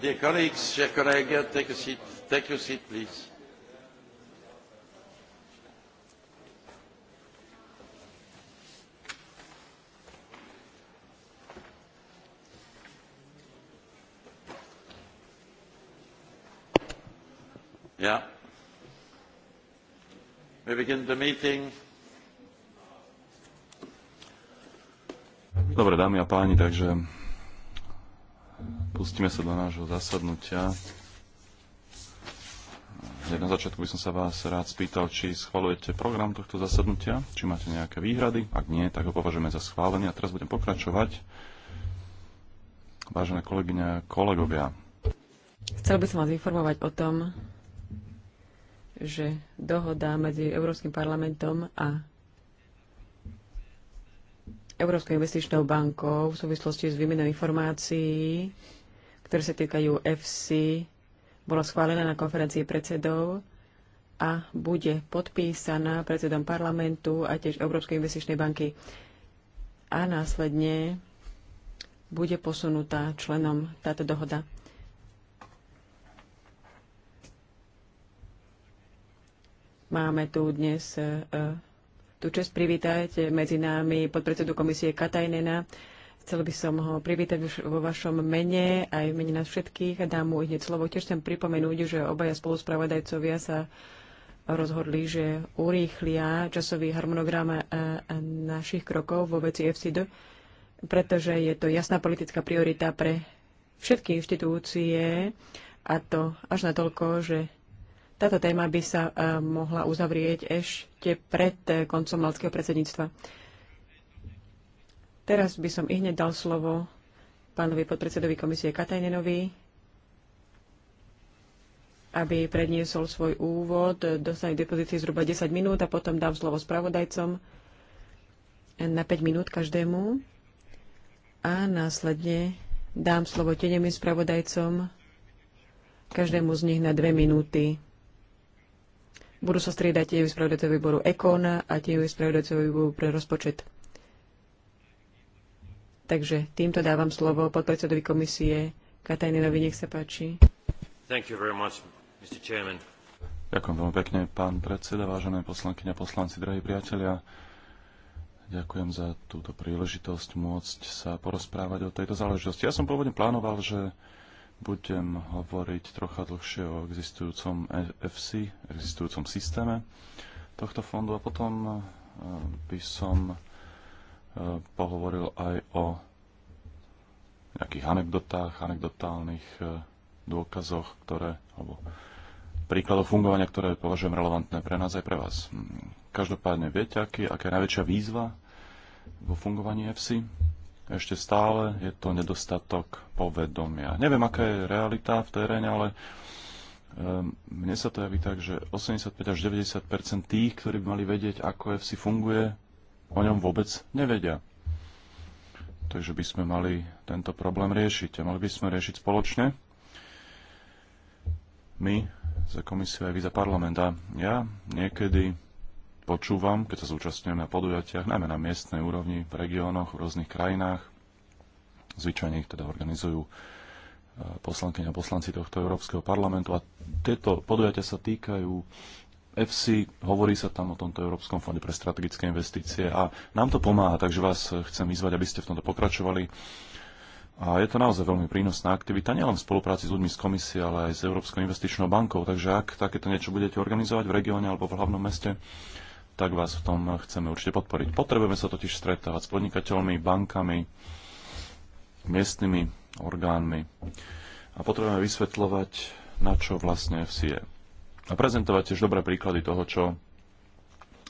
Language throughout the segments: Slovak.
Dear colleagues, chers collègues, take a seat. Take your seat, please. Yeah. We begin the meeting. Dobre, dámy a páni, takže Pustíme sa do nášho zasadnutia. Hneď na začiatku by som sa vás rád spýtal, či schvalujete program tohto zasadnutia, či máte nejaké výhrady. Ak nie, tak ho považujeme za schválený. A teraz budem pokračovať. Vážené kolegyne a kolegovia. Chcel by som vás informovať o tom, že dohoda medzi Európskym parlamentom a Európskou investičnou bankou v súvislosti s výmenou informácií ktoré sa týkajú FC, bolo schválené na konferencii predsedov a bude podpísaná predsedom parlamentu a tiež Európskej investičnej banky a následne bude posunutá členom táto dohoda. Máme tu dnes e, tú čest privítať medzi nami podpredsedu komisie Katajnena Chcel by som ho privítať už vo vašom mene, aj v mene nás všetkých a dám mu hneď slovo. Tiež chcem pripomenúť, že obaja spoluspravodajcovia sa rozhodli, že urýchlia časový harmonogram e, e, našich krokov vo veci FCD, pretože je to jasná politická priorita pre všetky inštitúcie a to až na toľko, že táto téma by sa e, mohla uzavrieť ešte pred koncom malského predsedníctva. Teraz by som i hneď dal slovo pánovi podpredsedovi komisie Katajnenovi, aby predniesol svoj úvod. Dostane k zhruba 10 minút a potom dám slovo spravodajcom na 5 minút každému. A následne dám slovo tenemi spravodajcom, každému z nich na 2 minúty. Budú sa striedať tieňoví spravodajcový výboru Ekona a tieňoví spravodajcový výboru pre rozpočet. Takže týmto dávam slovo podpredsedovi komisie Katajninovi. Nech sa páči. Thank you very much, Mr. Chairman. Ďakujem veľmi pekne, pán predseda, vážené poslankyne a poslanci, drahí priatelia. Ďakujem za túto príležitosť môcť sa porozprávať o tejto záležitosti. Ja som pôvodne plánoval, že budem hovoriť trocha dlhšie o existujúcom FC, existujúcom systéme tohto fondu a potom eh, by som E, pohovoril aj o nejakých anekdotách, anekdotálnych e, dôkazoch, ktoré, alebo príkladov fungovania, ktoré považujem relevantné pre nás aj pre vás. Mm, každopádne viete, aký, aká je najväčšia výzva vo fungovaní FC. Ešte stále je to nedostatok povedomia. Neviem, aká je realita v teréne, ale ehm, mne sa to javí tak, že 85 až 90 tých, ktorí by mali vedieť, ako FC funguje, o ňom vôbec nevedia. Takže by sme mali tento problém riešiť a mali by sme riešiť spoločne. My za komisiu aj vy za parlament. A ja niekedy počúvam, keď sa zúčastňujem na podujatiach, najmä na miestnej úrovni, v regiónoch, v rôznych krajinách. Zvyčajne ich teda organizujú eh, poslankyne a poslanci tohto Európskeho parlamentu. A tieto podujatia sa týkajú EFSI, hovorí sa tam o tomto Európskom fonde pre strategické investície a nám to pomáha, takže vás chcem vyzvať, aby ste v tomto pokračovali. A je to naozaj veľmi prínosná aktivita, nielen v spolupráci s ľuďmi z komisie, ale aj s Európskou investičnou bankou. Takže ak takéto niečo budete organizovať v regióne alebo v hlavnom meste, tak vás v tom chceme určite podporiť. Potrebujeme sa totiž stretávať s podnikateľmi, bankami, miestnymi orgánmi a potrebujeme vysvetľovať, na čo vlastne FCE a prezentovať tiež dobré príklady toho, čo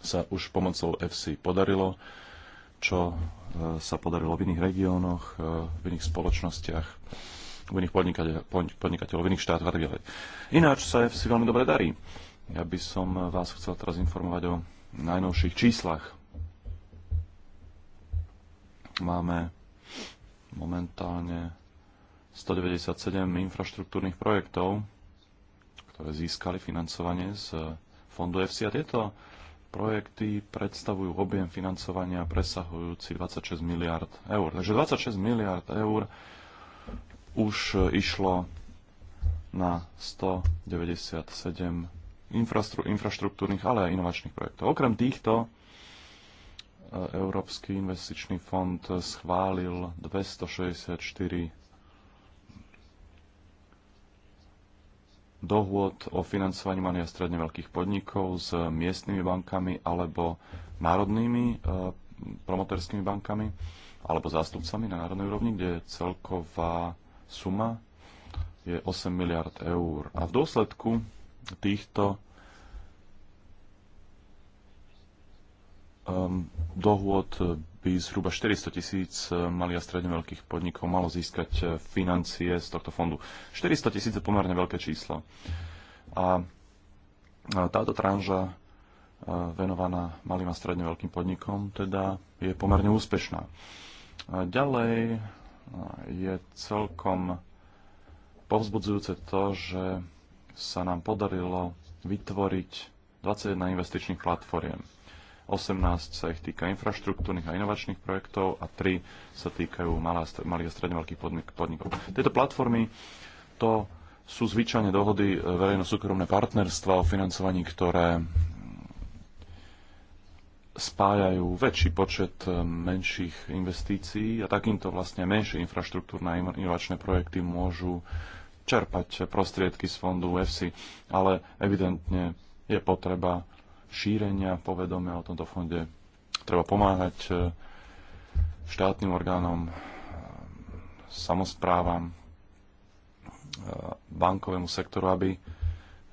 sa už pomocou FC podarilo, čo e, sa podarilo v iných regiónoch, e, v iných spoločnostiach, v iných podnikateľov, v iných štátoch a tak ďalej. Ináč sa FC veľmi dobre darí. Ja by som vás chcel teraz informovať o najnovších číslach. Máme momentálne 197 infraštruktúrnych projektov, ktoré získali financovanie z eh, fondu EFSI. A tieto projekty predstavujú objem financovania presahujúci 26 miliard eur. Takže 26 miliard eur už eh, išlo na 197 infraštruktúrnych, ale aj inovačných projektov. Okrem týchto eh, Európsky investičný fond schválil 264 dohôd o financovaní malých a stredne veľkých podnikov s miestnymi bankami alebo národnými e, promoterskými bankami alebo zástupcami na národnej úrovni, kde celková suma je 8 miliard eur. A v dôsledku týchto um, dohôd by zhruba 400 tisíc e, malých a stredne veľkých podnikov malo získať e, financie z tohto fondu. 400 tisíc je pomerne veľké číslo. A táto tranža e, venovaná malým a stredne veľkým podnikom teda je pomerne úspešná. Ďalej je celkom povzbudzujúce to, že sa nám podarilo vytvoriť 21 investičných platformiem. 18 sa ich týka infraštruktúrnych a inovačných projektov a 3 sa týkajú malých a stredne veľkých podnikov. Tieto platformy to sú zvyčajne dohody e, verejno-súkromné partnerstva o financovaní, ktoré spájajú väčší počet e, menších investícií a takýmto vlastne menšie infraštruktúrne inovačné projekty môžu čerpať prostriedky z fondu UFC, ale evidentne je potreba šírenia povedomia o tomto fonde. Treba pomáhať e, štátnym orgánom, e, samozprávam, e, bankovému sektoru, aby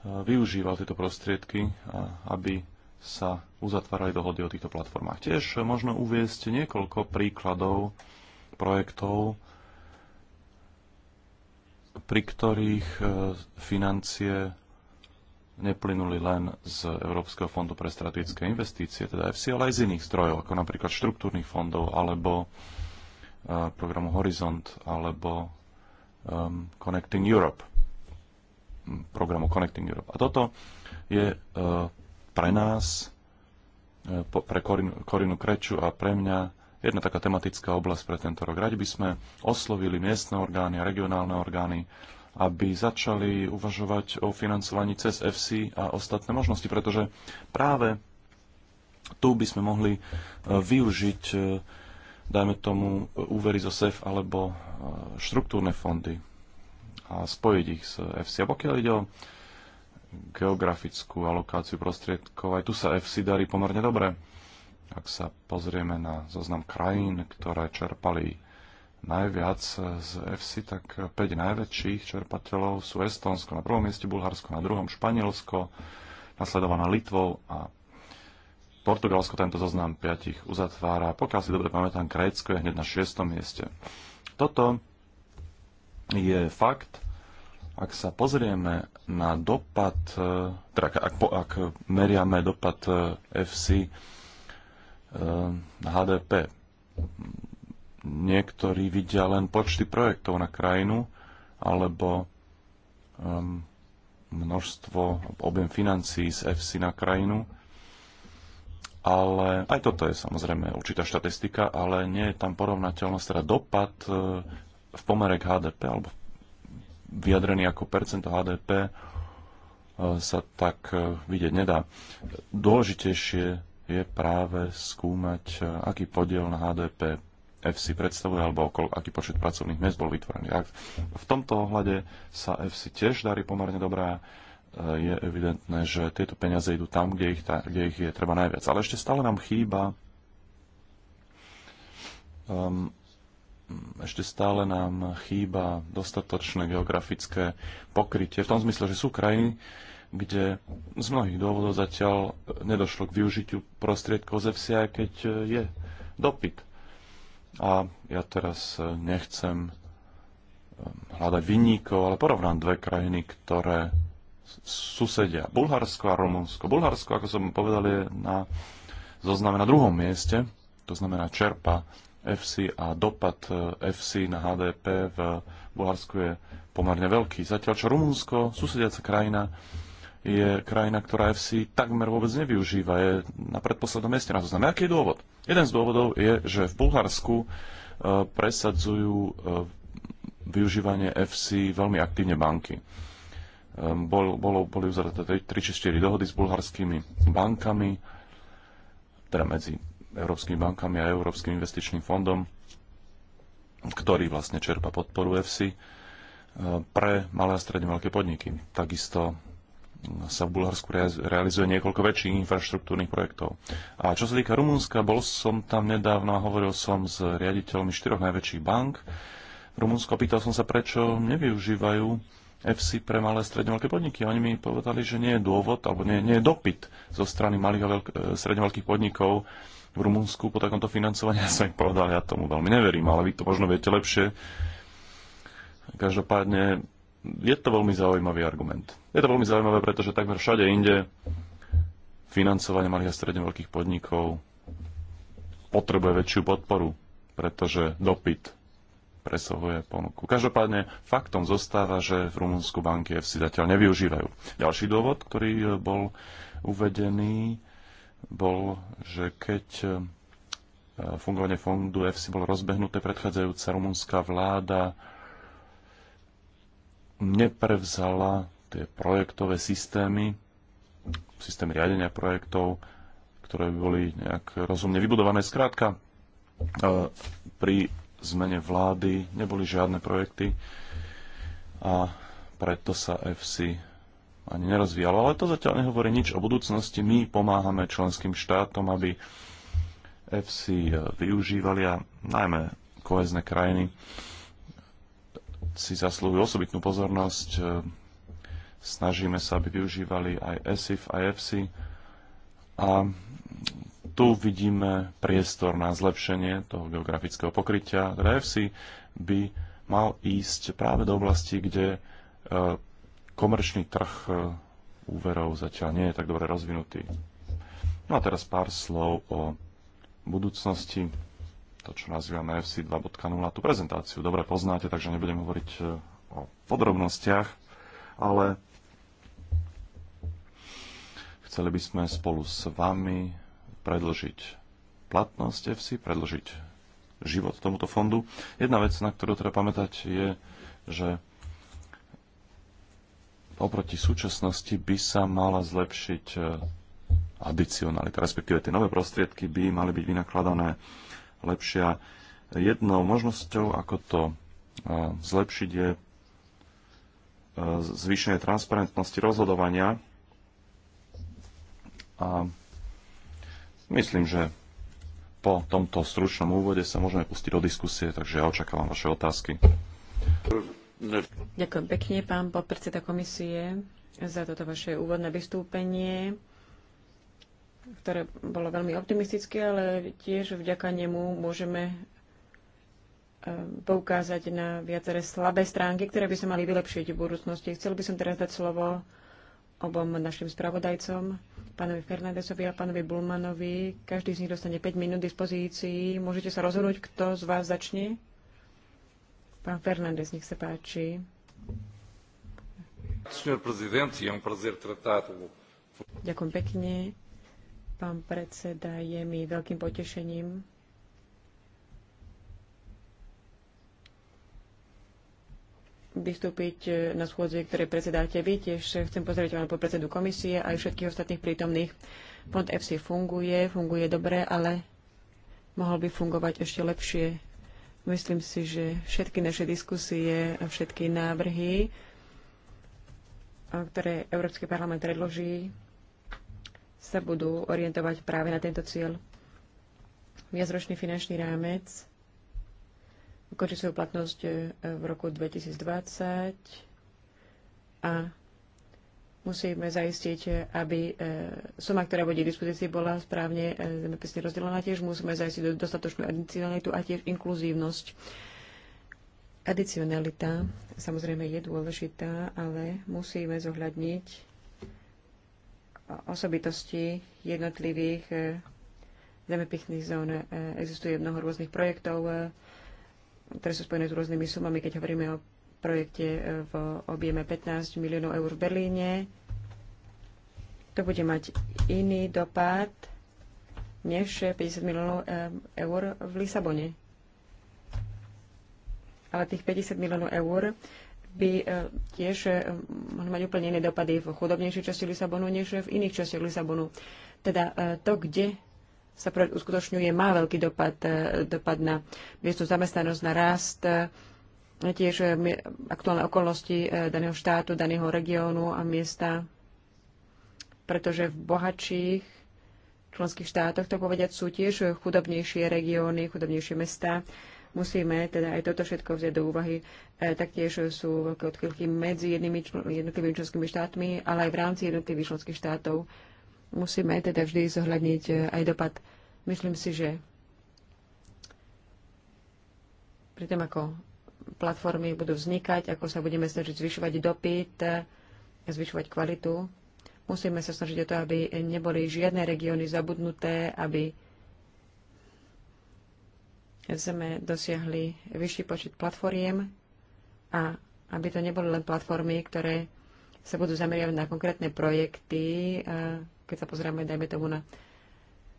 využíval tieto prostriedky a aby sa uzatvárali dohody o týchto platformách. Tiež možno uviesť niekoľko príkladov projektov, pri ktorých financie neplynuli len z Európskeho fondu pre strategické investície, teda FC, ale aj z iných zdrojov, ako napríklad štruktúrnych fondov, alebo e, programu Horizont, alebo um, Connecting Europe, programu Connecting Europe. A toto je uh, pre nás, e, pre Korinu, Korinu Kreču a pre mňa jedna taká tematická oblasť pre tento rok. Radi by sme oslovili miestne orgány a regionálne orgány, aby začali uvažovať o financovaní cez FC a ostatné možnosti, pretože práve tu by sme mohli e, využiť, e, dajme tomu, úvery zo SEF alebo e, štruktúrne fondy a spojiť ich s FC. A pokiaľ ide o geografickú alokáciu prostriedkov, aj tu sa FC darí pomerne dobre. Ak sa pozrieme na zoznam krajín, ktoré čerpali najviac e, z EFSI, tak 5 najväčších čerpateľov sú Estonsko na prvom mieste, Bulharsko na druhom, Španielsko, nasledovaná Litvou a Portugalsko tento zoznam 5 uzatvára. Pokiaľ si dobre pamätám, Grécko je hneď na šiestom mieste. Toto je fakt, ak sa pozrieme na dopad, e, teda ak, ak meriame dopad e, FC na HDP, niektorí vidia len počty projektov na krajinu alebo um, množstvo, objem financií z FC na krajinu. Ale aj toto je samozrejme určitá štatistika, ale nie je tam porovnateľnosť, teda dopad uh, v pomere k HDP, alebo vyjadrený ako percento HDP, uh, sa tak uh, vidieť nedá. Dôležitejšie je práve skúmať, aký podiel na HDP FC predstavuje, alebo okolo aký počet pracovných miest bol vytvorený. Ak v tomto ohľade sa FC tiež darí pomerne dobrá, e, je evidentné, že tieto peniaze idú tam, kde ich, kde ich je treba najviac. Ale ešte stále nám chýba um, ešte stále nám chýba dostatočné geografické pokrytie. V tom zmysle, že sú krajiny, kde z mnohých dôvodov zatiaľ nedošlo k využitiu prostriedkov z FCI, keď e, je dopyt. A ja teraz e, nechcem e, hľadať vinníkov, ale porovnám dve krajiny, ktoré susedia. Bulharsko a Rumunsko. Bulharsko, ako som povedal, je na zozname na druhom mieste, to znamená čerpa FC a dopad e, FC na HDP v Bulharsku je pomerne veľký. Zatiaľ čo Rumunsko, susediaca krajina, je krajina, ktorá FC takmer vôbec nevyužíva. Je na predposlednom mieste na zozname. Aký je dôvod? Jeden z dôvodov je, že v Bulharsku e, presadzujú e, využívanie FC veľmi aktívne banky. E, bol, bolo, boli uzavreté 3 4 dohody s bulharskými bankami, teda medzi európskymi bankami a Európskym investičným fondom, ktorý vlastne čerpa podporu FC pre malé a stredne veľké podniky. Takisto sa v Bulharsku realizuje niekoľko väčších infraštruktúrnych projektov. A čo sa týka Rumunska, bol som tam nedávno a hovoril som s riaditeľmi štyroch najväčších bank. Rumunsko pýtal som sa, prečo nevyužívajú FC pre malé stredne veľké podniky. Oni mi povedali, že nie je dôvod, alebo nie, nie je dopyt zo strany malých a veľk- e, stredne veľkých podnikov v Rumunsku po takomto financovaní. Ja som ich povedal, ja tomu veľmi neverím, ale vy to možno viete lepšie. Každopádne je to veľmi zaujímavý argument. Je to veľmi zaujímavé, pretože takmer všade inde financovanie malých a stredne veľkých podnikov potrebuje väčšiu podporu, pretože dopyt presahuje ponuku. Každopádne faktom zostáva, že v Rumunsku banky FC zatiaľ nevyužívajú. Ďalší dôvod, ktorý bol uvedený, bol, že keď e, fungovanie fondu FC bolo rozbehnuté, predchádzajúca rumunská vláda neprevzala tie projektové systémy, systémy riadenia projektov, ktoré by boli nejak rozumne vybudované. Skrátka, e, pri zmene vlády neboli žiadne projekty a preto sa FC ani nerozvíjalo. Ale to zatiaľ nehovorí nič o budúcnosti. My pomáhame členským štátom, aby FC využívali a najmä kohezné krajiny si zaslúhujú osobitnú pozornosť. E, snažíme sa, aby využívali aj ESIF, aj EFSI. A tu vidíme priestor na zlepšenie toho geografického pokrytia. Teda EFSI by mal ísť práve do oblasti, kde e, komerčný trh e, úverov zatiaľ nie je tak dobre rozvinutý. No a teraz pár slov o budúcnosti to, čo nazývame FC 2.0. Tú prezentáciu dobre poznáte, takže nebudem hovoriť e, o podrobnostiach, ale chceli by sme spolu s vami predlžiť platnosť FC, predlžiť život tomuto fondu. Jedna vec, na ktorú treba pamätať, je, že oproti súčasnosti by sa mala zlepšiť e, adicionalita, respektíve tie nové prostriedky by mali byť vynakladané lepšia. Jednou možnosťou, ako to e, zlepšiť, je e, zvýšenie transparentnosti rozhodovania. A myslím, že po tomto stručnom úvode sa môžeme pustiť do diskusie, takže ja očakávam vaše otázky. Ďakujem pekne, pán podpredseda komisie, za toto vaše úvodné vystúpenie ktoré bolo veľmi optimistické, ale tiež vďaka nemu môžeme e, poukázať na viaceré slabé stránky, ktoré by sa mali vylepšiť v budúcnosti. Chcel by som teraz dať slovo obom našim spravodajcom, pánovi Fernandesovi a pánovi Bulmanovi. Každý z nich dostane 5 minút dispozícií. Môžete sa rozhodnúť, kto z vás začne. Pán Fernandez, nech sa páči. Um Ďakujem pekne. Pán predseda, je mi veľkým potešením vystúpiť na schôdzi, ktoré predsedáte vy. Tiež chcem pozrieť vám podpredsedu komisie aj všetkých ostatných prítomných. Fond EFSI funguje, funguje dobre, ale mohol by fungovať ešte lepšie. Myslím si, že všetky naše diskusie a všetky návrhy, ktoré Európsky parlament predloží, sa budú orientovať práve na tento cieľ. Viacročný finančný rámec ukončí svoju platnosť e, v roku 2020 a musíme zaistiť, e, aby e, suma, ktorá bude k dispozícii, bola správne zemepisne rozdelená. Tiež musíme zaistiť dostatočnú adicionalitu a tiež inkluzívnosť. Adicionalita samozrejme je dôležitá, ale musíme zohľadniť osobitosti jednotlivých eh, zemepichných zón. Eh, existuje mnoho rôznych projektov, eh, ktoré sú spojené s rôznymi sumami. Keď hovoríme o projekte v objeme 15 miliónov eur v Berlíne, to bude mať iný dopad než 50 miliónov eur v Lisabone. Ale tých 50 miliónov eur by e, tiež e, mohli mať úplne iné dopady v chudobnejšej časti Lisabonu, než v iných častiach Lisabonu. Teda e, to, kde sa projekt uskutočňuje, má veľký dopad, dopad na miestu zamestnanosť, na rast, tiež aktuálne okolnosti daného štátu, daného regiónu a miesta, pretože v bohatších členských štátoch, to povedať, sú tiež chudobnejšie regióny, chudobnejšie mesta, Musíme teda aj toto všetko vziať do úvahy. E, taktiež sú veľké odchylky medzi jednotlivými členskými štátmi, ale aj v rámci jednotlivých členských štátov. Musíme teda vždy zohľadniť e, aj dopad. Myslím si, že pri tom, ako platformy budú vznikať, ako sa budeme snažiť zvyšovať dopyt, e, zvyšovať kvalitu. Musíme sa snažiť o to, aby neboli žiadne regióny zabudnuté, aby sme dosiahli vyšší počet platformiem a aby to neboli len platformy, ktoré sa budú zameriavať na konkrétne projekty, keď sa pozrieme, dajme tomu, na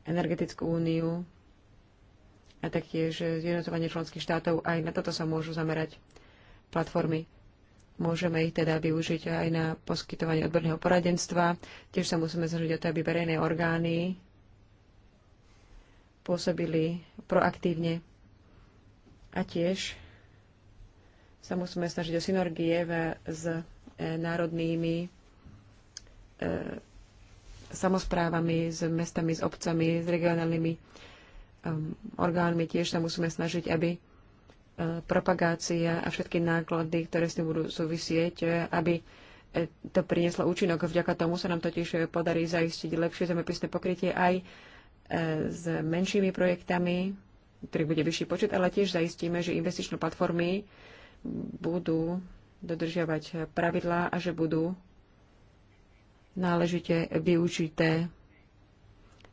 energetickú úniu a taktiež zjednotovanie členských štátov, aj na toto sa môžu zamerať platformy. Môžeme ich teda využiť aj na poskytovanie odborného poradenstva. Tiež sa musíme zažiť o to, aby verejné orgány pôsobili proaktívne a tiež sa musíme snažiť o synergie s e, národnými e, samozprávami, s mestami, s obcami, s regionálnymi um, orgánmi. Tiež sa musíme snažiť, aby e, propagácia a všetky náklady, ktoré s tým budú súvisieť, aby to prinieslo účinok. Vďaka tomu sa nám totiž podarí zaistiť lepšie zemepisné pokrytie aj s menšími projektami, ktorých bude vyšší počet, ale tiež zaistíme, že investičné platformy budú dodržiavať pravidlá a že budú náležite využité,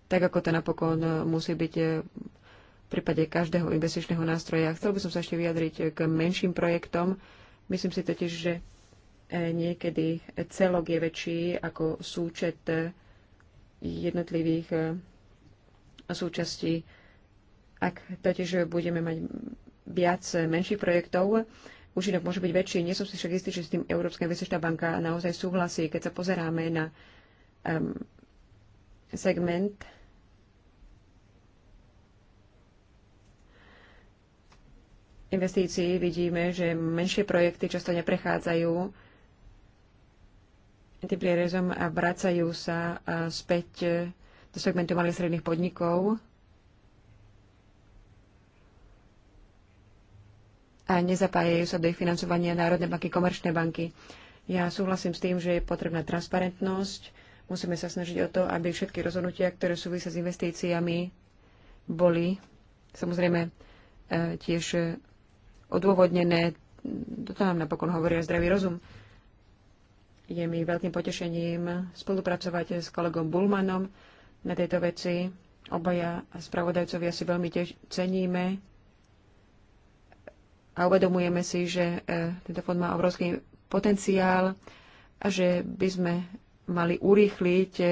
tak ako to napokon musí byť v prípade každého investičného nástroja. Chcel by som sa ešte vyjadriť k menším projektom. Myslím si totiž, že e, niekedy celok je väčší ako súčet jednotlivých e, súčastí ak totiž budeme mať viac menších projektov, účinok môže byť väčší. Nie som si však istý, že s tým Európska investičná banka naozaj súhlasí. Keď sa pozeráme na um, segment investícií, vidíme, že menšie projekty často neprechádzajú tým prierezom a vracajú sa späť do segmentu malých stredných podnikov. a nezapájajú sa do ich financovania Národné banky, komerčné banky. Ja súhlasím s tým, že je potrebná transparentnosť. Musíme sa snažiť o to, aby všetky rozhodnutia, ktoré súvisia s investíciami, boli samozrejme e, tiež odôvodnené. Toto nám napokon hovoria zdravý rozum. Je mi veľkým potešením spolupracovať s kolegom Bulmanom na tejto veci. Obaja spravodajcovia si veľmi tiež ceníme a uvedomujeme si, že e, tento fond má obrovský potenciál a že by sme mali urýchliť e, e,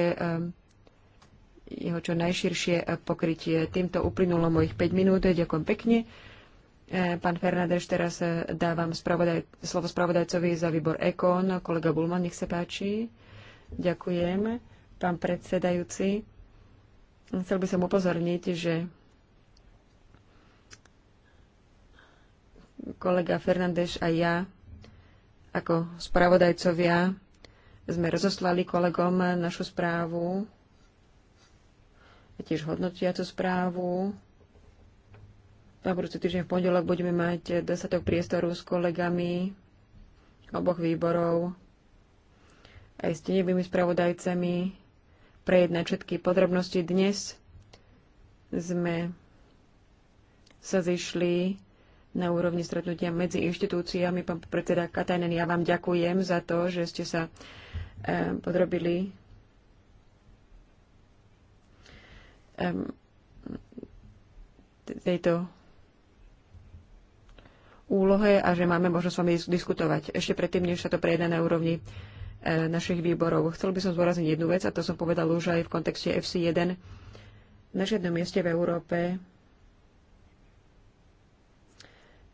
jeho čo najširšie pokrytie. Týmto uplynulo mojich 5 minút. Ďakujem pekne. Pán Fernández, teraz dávam spravodaj, slovo spravodajcovi za výbor EKON. Kolega Bulman, nech sa páči. Ďakujem. Pán predsedajúci, chcel by som upozorniť, že kolega Fernández a ja ako spravodajcovia sme rozoslali kolegom našu správu, tiež hodnotiacu správu. Na budúci týždeň v pondelok budeme mať dostatok priestoru s kolegami oboch výborov aj s tenevými spravodajcami prejednať všetky podrobnosti. Dnes sme sa zišli na úrovni stretnutia medzi inštitúciami. Pán predseda Katajnen, ja vám ďakujem za to, že ste sa podrobili tejto úlohe a že máme možnosť s vami diskutovať. Ešte predtým, než sa to prejde na úrovni e, našich výborov. Chcel by som zdôrazniť jednu vec, a to som povedal už aj v kontexte FC1. Na žiadnom mieste v Európe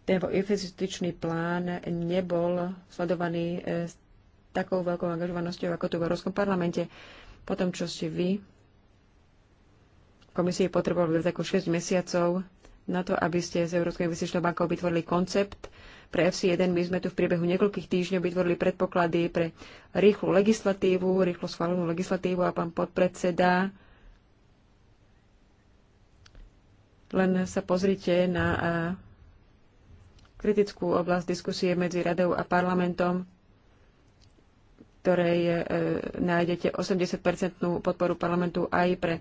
ten investičný plán nebol sledovaný eh, s takou veľkou angažovanosťou ako tu v Európskom parlamente. Po tom, čo ste vy v komisii potrebovali viac ako 6 mesiacov na to, aby ste s Európskou investičnou bankou vytvorili koncept pre FC1 my sme tu v priebehu niekoľkých týždňov vytvorili predpoklady pre rýchlu legislatívu, rýchlo schválenú legislatívu a pán podpredseda len sa pozrite na eh, kritickú oblasť diskusie medzi radou a parlamentom, ktorej e, nájdete 80-percentnú podporu parlamentu aj pre e,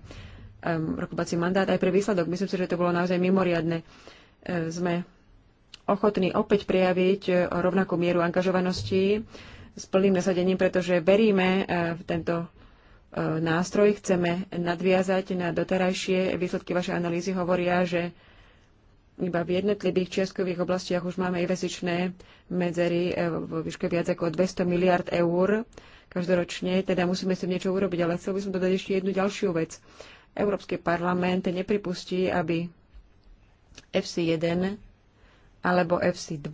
rokovací mandát, aj pre výsledok. Myslím si, že to bolo naozaj mimoriadne. E, sme ochotní opäť prejaviť e, rovnakú mieru angažovanosti s plným nasadením, pretože veríme e, v tento e, nástroj, chceme nadviazať na doterajšie výsledky vašej analýzy, hovoria, že iba v jednotlivých čiastkových oblastiach už máme investičné medzery e, vo výške viac ako 200 miliard eur každoročne, teda musíme s tým niečo urobiť. Ale chcel by som dodať ešte jednu ďalšiu vec. Európsky parlament nepripustí, aby FC1 alebo FC2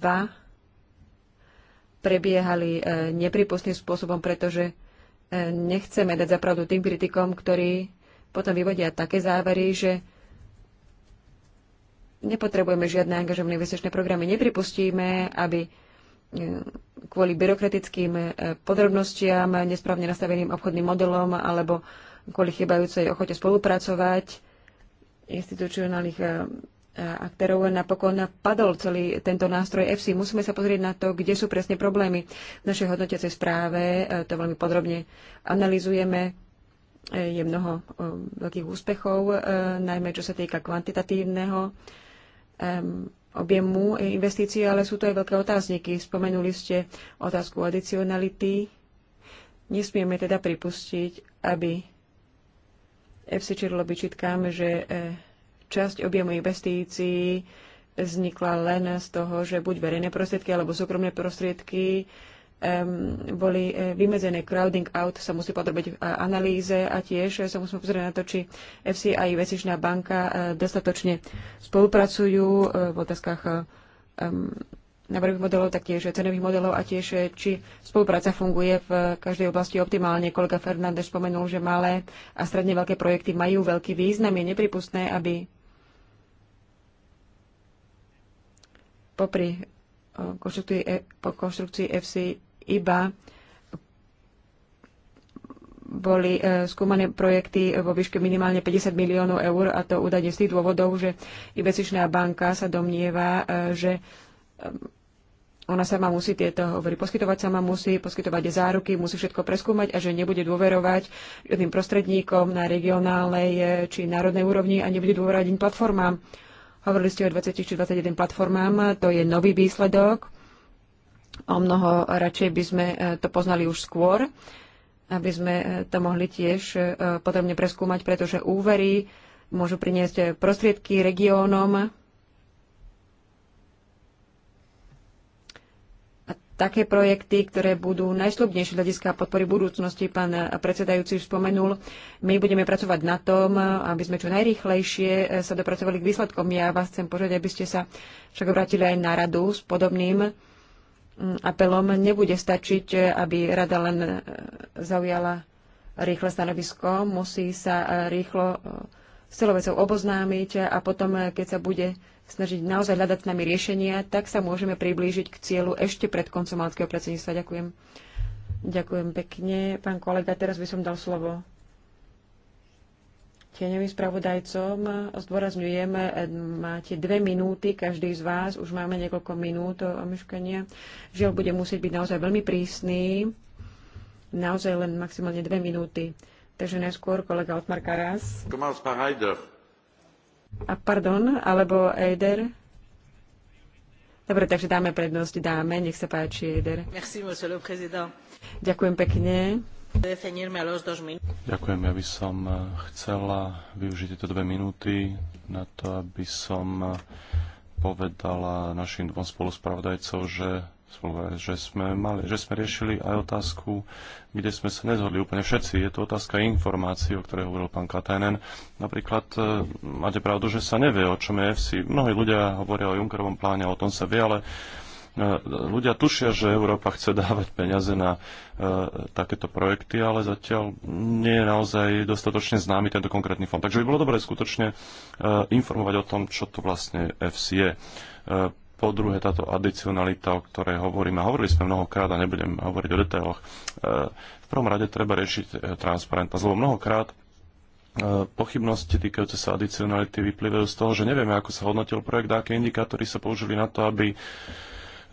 prebiehali e, nepripustným spôsobom, pretože e, nechceme dať zapravdu tým kritikom, ktorí potom vyvodia také závery, že Nepotrebujeme žiadne angažované investičné programy. Nepripustíme, aby e, kvôli byrokratickým e, podrobnostiam, nesprávne nastaveným obchodným modelom alebo kvôli chybajúcej ochote spolupracovať institucionálnych e, aktérov napokon padol celý tento nástroj EFSI. Musíme sa pozrieť na to, kde sú presne problémy. V našej hodnotiacej správe to veľmi podrobne analizujeme. Je mnoho veľkých úspechov, najmä čo sa týka kvantitatívneho um, objemu investícií, ale sú to aj veľké otázniky. Spomenuli ste otázku adicionality. Nesmieme teda pripustiť, aby FC čerlo vyčitkám, že e, časť objemu investícií vznikla len z toho, že buď verejné prostriedky alebo súkromné prostriedky boli e, vymedzené. Crowding out sa musí podrobiť e, analýze a tiež sa musíme pozrieť na to, či FC a investičná banka e, dostatočne spolupracujú v otázkach návrhových modelov, taktiež cenových modelov a tiež, či spolupráca funguje v každej oblasti optimálne. Kolega Fernández spomenul, že malé a stredne veľké projekty majú veľký význam. Je nepripustné, aby popri konštrukcii, po konštrukcii FC iba boli e, skúmané projekty vo výške minimálne 50 miliónov eur a to údajne z tých dôvodov, že investičná banka sa domnieva, e, že e, ona sama musí tieto hovory poskytovať, sama musí poskytovať záruky, musí všetko preskúmať a že nebude dôverovať tým prostredníkom na regionálnej či národnej úrovni a nebude dôverovať im platformám. Hovorili ste o 20 či 21 platformám, to je nový výsledok. O mnoho radšej by sme e, to poznali už skôr, aby sme e, to mohli tiež e, podrobne preskúmať, pretože úvery môžu priniesť prostriedky regiónom. A také projekty, ktoré budú najslubnejšie hľadiska podpory budúcnosti, pán predsedajúci už spomenul, my budeme pracovať na tom, aby sme čo najrýchlejšie sa dopracovali k výsledkom. Ja vás chcem požiadať, aby ste sa však obrátili aj na radu s podobným apelom nebude stačiť, eh, aby rada len eh, zaujala rýchle stanovisko. Musí sa eh, rýchlo s celou vecou oboznámiť a potom, keď sa bude snažiť naozaj hľadať s nami riešenia, tak sa môžeme priblížiť k cieľu ešte pred koncom malského predsedníctva. Ďakujem. Ďakujem pekne. Pán kolega, teraz by som dal slovo tieňovým spravodajcom. Zdôrazňujem, máte dve minúty, každý z vás, už máme niekoľko minút omeškania. Eh, Žiaľ, bude musieť byť naozaj veľmi prísny, naozaj len maximálne dve minúty. Takže najskôr kolega Otmar Karas. A pardon, alebo Eider. Dobre, takže dáme prednosť dáme. Nech sa páči, Eider. Merci, Ďakujem pekne. Ďakujem, ja by som eh, chcela využiť tieto dve minúty na to, aby som eh, povedala našim dvom spoluspravodajcom, že, že, sme mali, že sme riešili aj otázku, kde sme sa nezhodli úplne všetci. Je to otázka informácií, o ktorej hovoril pán Katajnen. Napríklad eh, máte pravdu, že sa nevie, o čom je FC. Mnohí ľudia hovoria o Junkerovom pláne, o tom sa vie, ale Eh, ľudia tušia, že Európa chce dávať peniaze na eh, takéto projekty, ale zatiaľ nie je naozaj dostatočne známy tento konkrétny fond. Takže by bolo dobré skutočne eh, informovať o tom, čo to vlastne FC je. Po druhé, táto adicionalita, o ktorej hovoríme, a hovorili sme mnohokrát a nebudem hovoriť o detailoch, v prvom rade treba riešiť transparentnosť, lebo mnohokrát pochybnosti týkajúce sa adicionality vyplývajú z toho, že nevieme, ako sa hodnotil projekt a aké indikátory sa použili na to, aby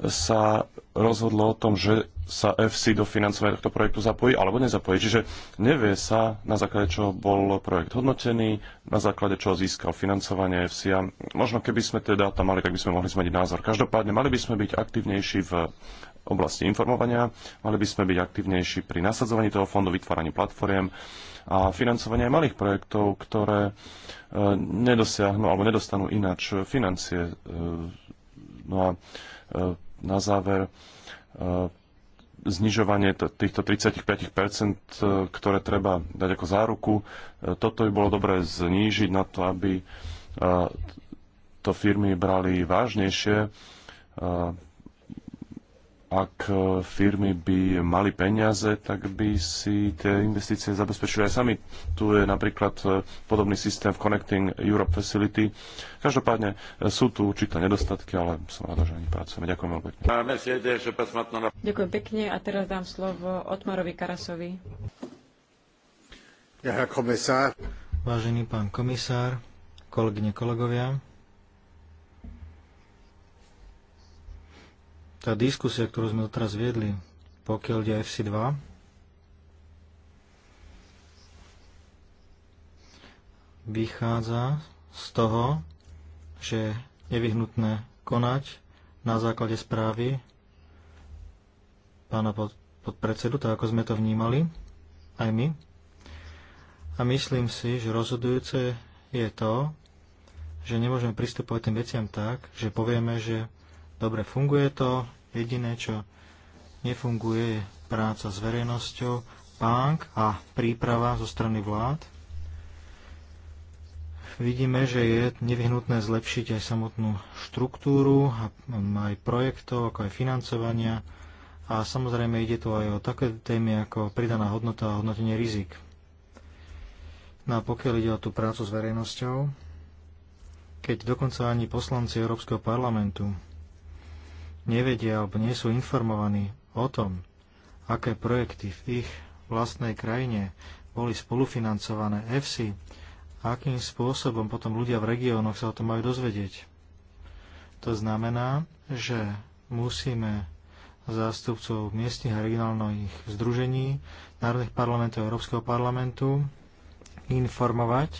sa rozhodlo o tom, že sa FC do financovania tohto projektu zapojí alebo nezapojí. Čiže nevie sa, na základe čoho bol projekt hodnotený, na základe čoho získal financovanie FC. A možno keby sme tie dáta mali, tak by sme mohli zmeniť názor. Každopádne mali by sme byť aktívnejší v oblasti informovania, mali by sme byť aktívnejší pri nasadzovaní toho fondu, vytváraní platformiem a financovanie malých projektov, ktoré e, nedosiahnu alebo nedostanú ináč financie. E, no a E, na záver e, znižovanie týchto 35%, e, ktoré treba dať ako záruku. Toto by bolo dobré znížiť na to, aby to firmy brali vážnejšie ak e, firmy by mali peniaze, tak by si tie investície zabezpečili aj sami. Tu je napríklad e, podobný systém v Connecting Europe Facility. Každopádne e, sú tu určité nedostatky, ale som rád, že ani pracujeme. Ďakujem veľmi pekne. Ďakujem pekne a teraz dám slovo Otmarovi Karasovi. Ja, komisár. Vážený pán komisár, kolegyne, kolegovia, tá diskusia, ktorú sme doteraz viedli, pokiaľ ide FC2, vychádza z toho, že je nevyhnutné konať na základe správy pána pod, podpredsedu, tak ako sme to vnímali, aj my. A myslím si, že rozhodujúce je to, že nemôžeme pristupovať tým veciam tak, že povieme, že Dobre, funguje to. Jediné, čo nefunguje, je práca s verejnosťou, pánk a príprava zo strany vlád. Vidíme, že je nevyhnutné zlepšiť aj samotnú štruktúru, aj projektov, ako aj financovania. A samozrejme ide tu aj o také témy ako pridaná hodnota a hodnotenie rizik. No a pokiaľ ide o tú prácu s verejnosťou, keď dokonca ani poslanci Európskeho parlamentu nevedia alebo nie sú informovaní o tom, aké projekty v ich vlastnej krajine boli spolufinancované EFSI, akým spôsobom potom ľudia v regiónoch sa o tom majú dozvedieť. To znamená, že musíme zástupcov miestnych a regionálnych združení, národných parlamentov a Európskeho parlamentu informovať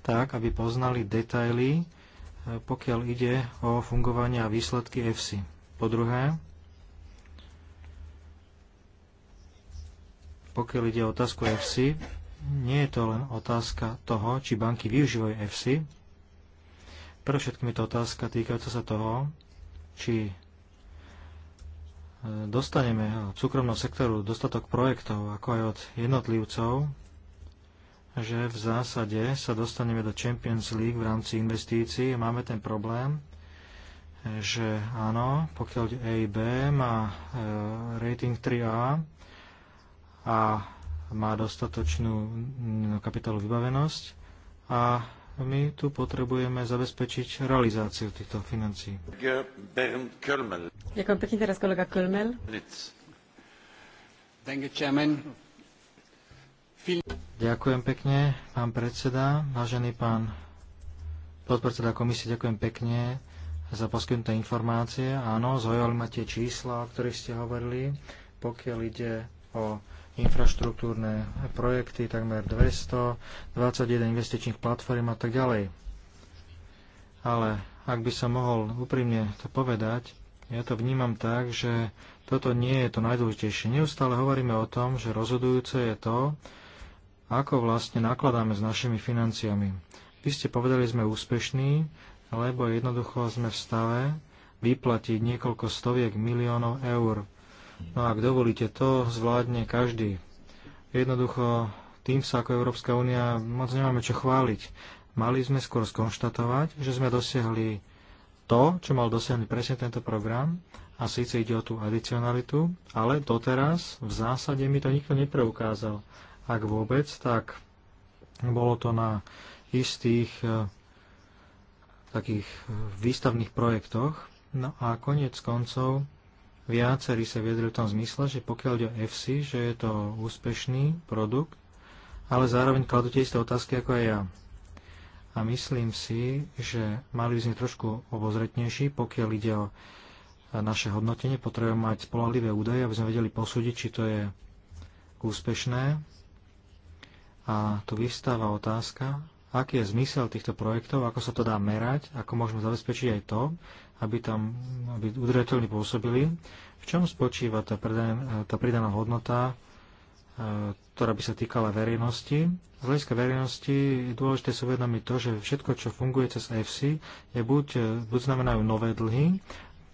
tak, aby poznali detaily, pokiaľ ide o fungovanie a výsledky EFSI. Po druhé, pokiaľ ide o otázku FC, nie je to len otázka toho, či banky využívajú FC. Pre všetkým je to otázka týkajúca sa toho, či e, dostaneme od súkromnom sektoru dostatok projektov, ako aj od jednotlivcov, že v zásade sa dostaneme do Champions League v rámci investícií. Máme ten problém, že áno, pokiaľ EIB má e, rating 3A a má dostatočnú mm, kapitálovú vybavenosť a my tu potrebujeme zabezpečiť realizáciu týchto financií. Ďakujem pekne teraz kolega Kölmel. Ďakujem pekne, pán predseda, vážený pán podpredseda komisie, ďakujem pekne za poskytnuté informácie. Áno, ma tie čísla, o ktorých ste hovorili. Pokiaľ ide o infraštruktúrne projekty, takmer 200, 21 investičných platform a tak ďalej. Ale ak by som mohol úprimne to povedať, ja to vnímam tak, že toto nie je to najdôležitejšie. Neustále hovoríme o tom, že rozhodujúce je to, ako vlastne nakladáme s našimi financiami. Vy ste povedali, že sme úspešní, lebo jednoducho sme v stave vyplatiť niekoľko stoviek miliónov eur. No ak dovolíte, to zvládne každý. Jednoducho, tým sa ako Európska únia moc nemáme čo chváliť. Mali sme skôr skonštatovať, že sme dosiahli to, čo mal dosiahnuť presne tento program, a síce ide o tú adicionalitu, ale doteraz v zásade mi to nikto nepreukázal. Ak vôbec, tak bolo to na istých eh, takých eh, výstavných projektoch. No a konec koncov viacerí sa viedli v tom zmysle, že pokiaľ ide o FC, že je to úspešný produkt, ale zároveň kladú tie isté otázky ako aj ja. A myslím si, že mali by sme trošku obozretnejší, pokiaľ ide o eh, naše hodnotenie. Potrebujeme mať spolahlivé údaje, aby sme vedeli posúdiť, či to je úspešné. A tu vystáva otázka, aký je zmysel týchto projektov, ako sa to dá merať, ako môžeme zabezpečiť aj to, aby tam aby udržateľne pôsobili, v čom spočíva tá, predan- tá pridaná hodnota, e, ktorá by sa týkala verejnosti. Z hľadiska verejnosti je dôležité si uvedomiť to, že všetko, čo funguje cez EFSI, je buď, e, buď znamenajú nové dlhy,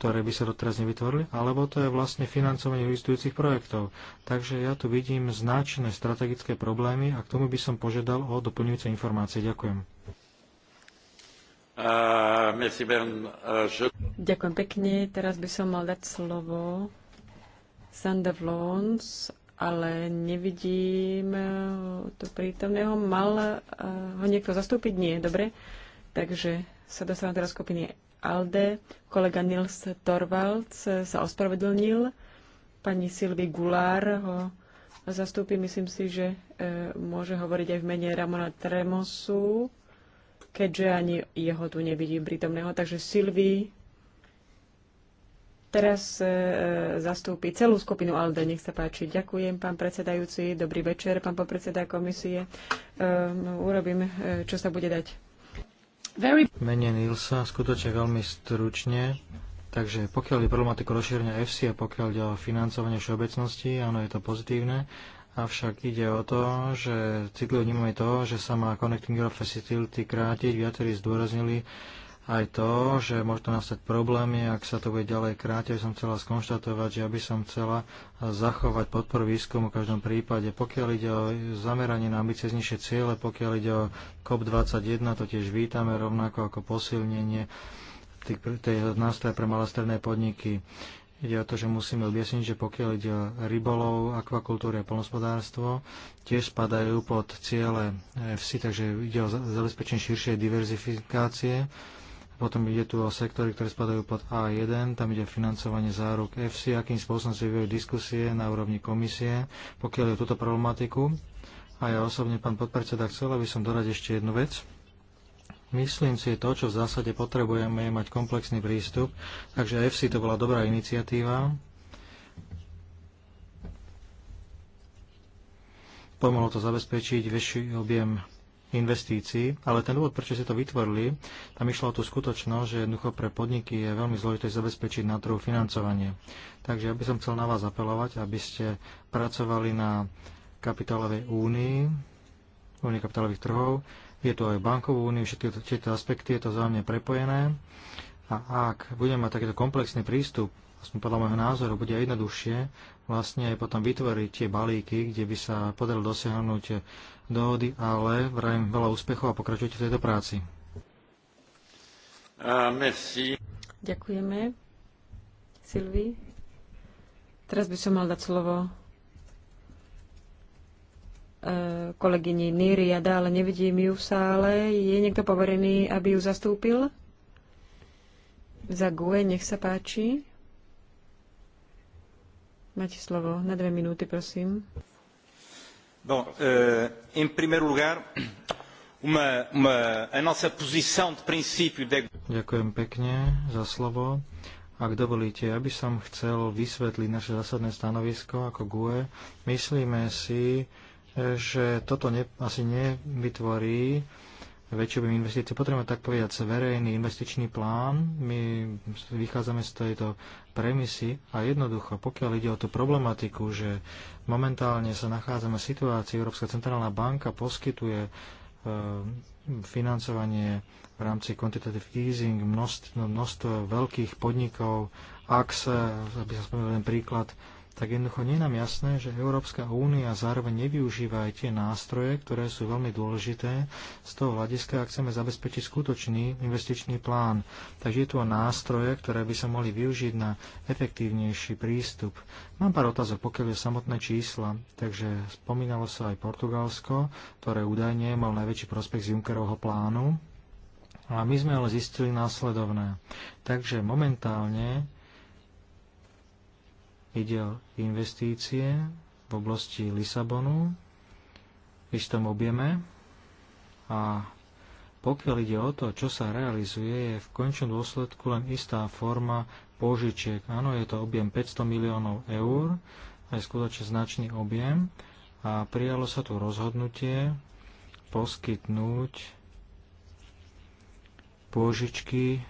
ktoré by sa doteraz nevytvorili, alebo to je vlastne financovanie existujúcich projektov. Takže ja tu vidím značné strategické problémy a k tomu by som požiadal o doplňujúce informácie. Ďakujem. Uh, uh, Ďakujem pekne. Teraz by som mal dať slovo Sander Vlons, ale nevidím uh, to prítomného. Mal ho niekto zastúpiť? Nie, dobre. Takže sa dostala teraz skupiny ALDE. Kolega Nils Torvalds sa ospravedlnil. Pani Silvi Gulár ho zastúpi. Myslím si, že e, môže hovoriť aj v mene Ramona Tremosu, keďže ani jeho tu nevidím prítomného. Takže Silvi teraz e, zastúpi celú skupinu ALDE. Nech sa páči. Ďakujem, pán predsedajúci. Dobrý večer, pán podpredseda komisie. E, no, urobím, e, čo sa bude dať. Mene Nilsa, skutočne veľmi stručne. Takže pokiaľ je problematiku rozšírenia FC a pokiaľ ide o financovanie všeobecnosti, áno, je to pozitívne. Avšak ide o to, že citlivo vnímame to, že sa má Connecting Europe Facility krátiť. Viacerí zdôraznili, aj to, že možno nastať problémy, ak sa to bude ďalej krátiť, som chcela skonštatovať, že aby som chcela zachovať podporu výskumu v každom prípade. Pokiaľ ide o zameranie na ambicieznejšie ciele, pokiaľ ide o COP21, to tiež vítame, rovnako ako posilnenie tých, tej nástroja pre malé stredné podniky. Ide o to, že musíme objasniť, že pokiaľ ide o rybolov, akvakultúry a polnospodárstvo, tiež spadajú pod ciele FC, eh, takže ide o zabezpečenie širšej diverzifikácie potom ide tu o sektory, ktoré spadajú pod A1, tam ide financovanie záruk FC, akým spôsobom sa vyvíjajú diskusie na úrovni komisie, pokiaľ je túto problematiku. A ja osobne, pán podpredseda, chcel, aby som doradil ešte jednu vec. Myslím si, to, čo v zásade potrebujeme, je mať komplexný prístup. Takže FC to bola dobrá iniciatíva. Pomohlo to zabezpečiť väčší objem investícií, ale ten dôvod, prečo si to vytvorili, tam išlo o tú skutočnosť, že jednoducho pre podniky je veľmi zložité zabezpečiť na trhu financovanie. Takže ja by som chcel na vás apelovať, aby ste pracovali na kapitálovej únii, únii kapitálových trhov, je tu aj bankovú úniu, všetky tieto aspekty, je to vzájomne prepojené. A ak budeme mať takýto komplexný prístup aspoň podľa môjho názoru, bude jednoduchšie vlastne aj potom vytvoriť tie balíky, kde by sa podarilo dosiahnuť dohody, ale vrajím veľa úspechov a pokračujte v tejto práci. A, merci. Ďakujeme. Silvi, teraz by som mal dať slovo e, kolegyni Nýri Jada, ale nevidím ju v sále. Je niekto poverený, aby ju zastúpil? Za GUE, nech sa páči. Máte slovo na dve minúty, prosím. Bom, uh, em primeiro lugar, uma, uma, a nossa posição de princípio de... Ďakujem pekne za slovo. Ak dovolíte, aby som chcel vysvetliť naše zásadné stanovisko ako GUE. Myslíme si, že toto ne, asi nevytvorí väčšie objem investície. Potrebujeme tak povedať verejný investičný plán. My vychádzame z tejto premisy a jednoducho, pokiaľ ide o tú problematiku, že momentálne sa nachádzame v situácii, Európska centrálna banka poskytuje ehm, financovanie v rámci quantitative easing množstvo, množstvo veľkých podnikov, AXE, aby sa spomenul ten príklad, tak jednoducho nie je nám jasné, že Európska únia zároveň nevyužíva aj tie nástroje, ktoré sú veľmi dôležité z toho hľadiska, ak chceme zabezpečiť skutočný investičný plán. Takže je tu nástroje, ktoré by sa mohli využiť na efektívnejší prístup. Mám pár otázok, pokiaľ je samotné čísla. Takže spomínalo sa aj Portugalsko, ktoré údajne mal najväčší prospekt z Junckerovho plánu. A my sme ale zistili následovné. Takže momentálne Ide o investície v oblasti Lisabonu v istom objeme a pokiaľ ide o to, čo sa realizuje, je v končnom dôsledku len istá forma požičiek. Áno, je to objem 500 miliónov eur, aj skutočne značný objem a prijalo sa tu rozhodnutie poskytnúť pôžičky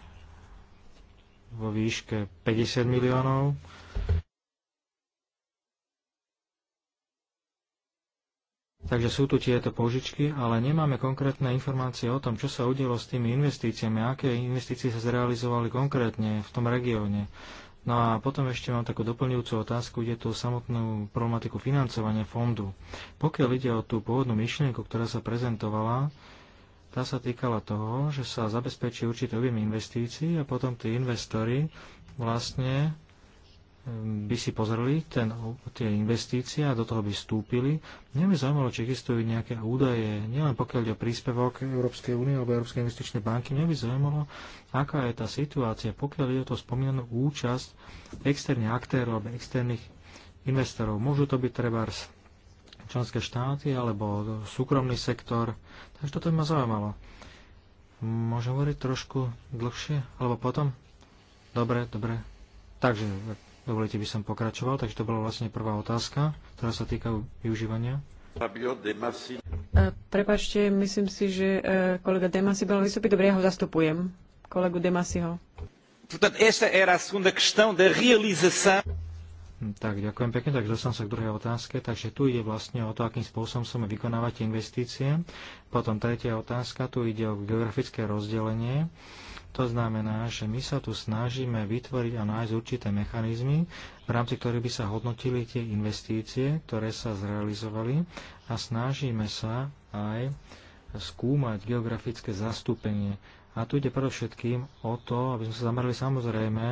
vo výške 50 miliónov Takže sú tu tieto požičky, ale nemáme konkrétne informácie o tom, čo sa udialo s tými investíciami, aké investície sa zrealizovali konkrétne v tom regióne. No a potom ešte mám takú doplňujúcu otázku, ide tu o samotnú problematiku financovania fondu. Pokiaľ ide o tú pôvodnú myšlienku, ktorá sa prezentovala, tá sa týkala toho, že sa zabezpečí určité objem investícií a potom tí investory vlastne Ehm, by si pozreli ten, tie investície a do toho by vstúpili. Mne by zaujímalo, či existujú nejaké údaje, nielen pokiaľ ide o príspevok Európskej únie alebo Európskej investičnej banky, mňa by zaujímalo, aká je tá situácia, pokiaľ ide o to spomínanú účasť externých aktérov alebo externých investorov. Môžu to byť treba členské štáty alebo súkromný sektor. Takže toto by ma zaujímalo. Môžem hovoriť trošku dlhšie? Alebo potom? Dobre, dobre. Takže Dovolite by som pokračoval, takže to bola vlastne prvá otázka, ktorá sa týka využívania. E, Prepašte, myslím si, že e, kolega Demasi bol vysoký. Dobre, ja ho zastupujem. Kolegu Demasiho. Portanto, esta era a segunda questão da realização. Hm, tak, ďakujem pekne. Tak dostal sa k druhej otázke. Takže tu ide vlastne o to, akým spôsobom sme vykonávať investície. Potom tretia otázka, tu ide o geografické rozdelenie. To znamená, že my sa tu snažíme vytvoriť a nájsť určité mechanizmy, v rámci ktorých by sa hodnotili tie investície, ktoré sa zrealizovali a snažíme sa aj skúmať geografické zastúpenie. A tu ide predovšetkým o to, aby sme sa zamerali samozrejme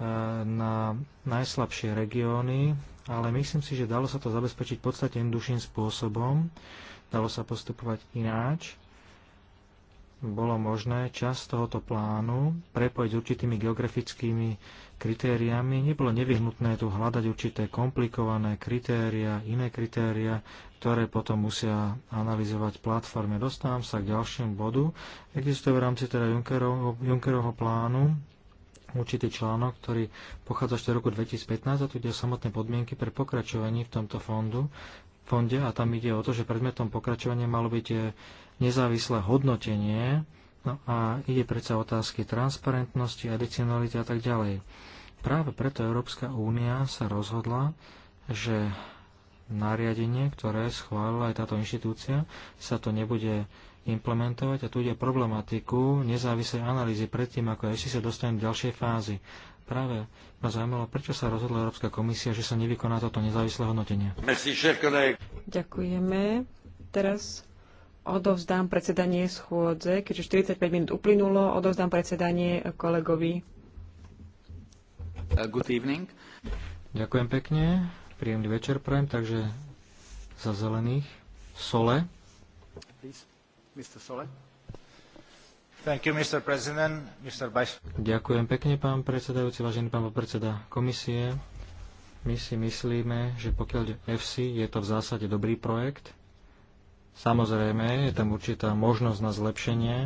E, na najslabšie regióny, ale myslím si, že dalo sa to zabezpečiť v podstate jednoduchším spôsobom, dalo sa postupovať ináč. Bolo možné časť tohoto plánu prepojiť s určitými geografickými kritériami. Nebolo nevyhnutné tu hľadať určité komplikované kritéria, iné kritéria, ktoré potom musia analyzovať platformy. Dostávam sa k ďalšiemu bodu. Existuje v rámci teda Junckerovho plánu určitý článok, ktorý pochádza ešte roku 2015 a tu ide o samotné podmienky pre pokračovanie v tomto fondu, fonde a tam ide o to, že predmetom pokračovania malo byť e, nezávislé hodnotenie no a ide predsa otázky transparentnosti, adicionality a tak ďalej. Práve preto Európska únia sa rozhodla, že nariadenie, ktoré schválila aj táto inštitúcia, sa to nebude implementovať. A tu ide problematiku nezávislej analýzy predtým, ako si sa dostanem do ďalšej fázy. Práve ma zaujímalo, prečo sa rozhodla Európska komisia, že sa nevykoná toto nezávislé hodnotenie. Ďakujeme. Teraz odovzdám predsedanie schôdze, keďže 45 minút uplynulo, odovzdám predsedanie kolegovi. Uh, good evening. Ďakujem pekne, príjemný večer prajem, takže za zelených sole. Please. Ďakujem pekne, pán predsedajúci, vážený pán podpredseda komisie. My si myslíme, že pokiaľ FC je to v zásade dobrý projekt. Samozrejme, je tam určitá možnosť na zlepšenie,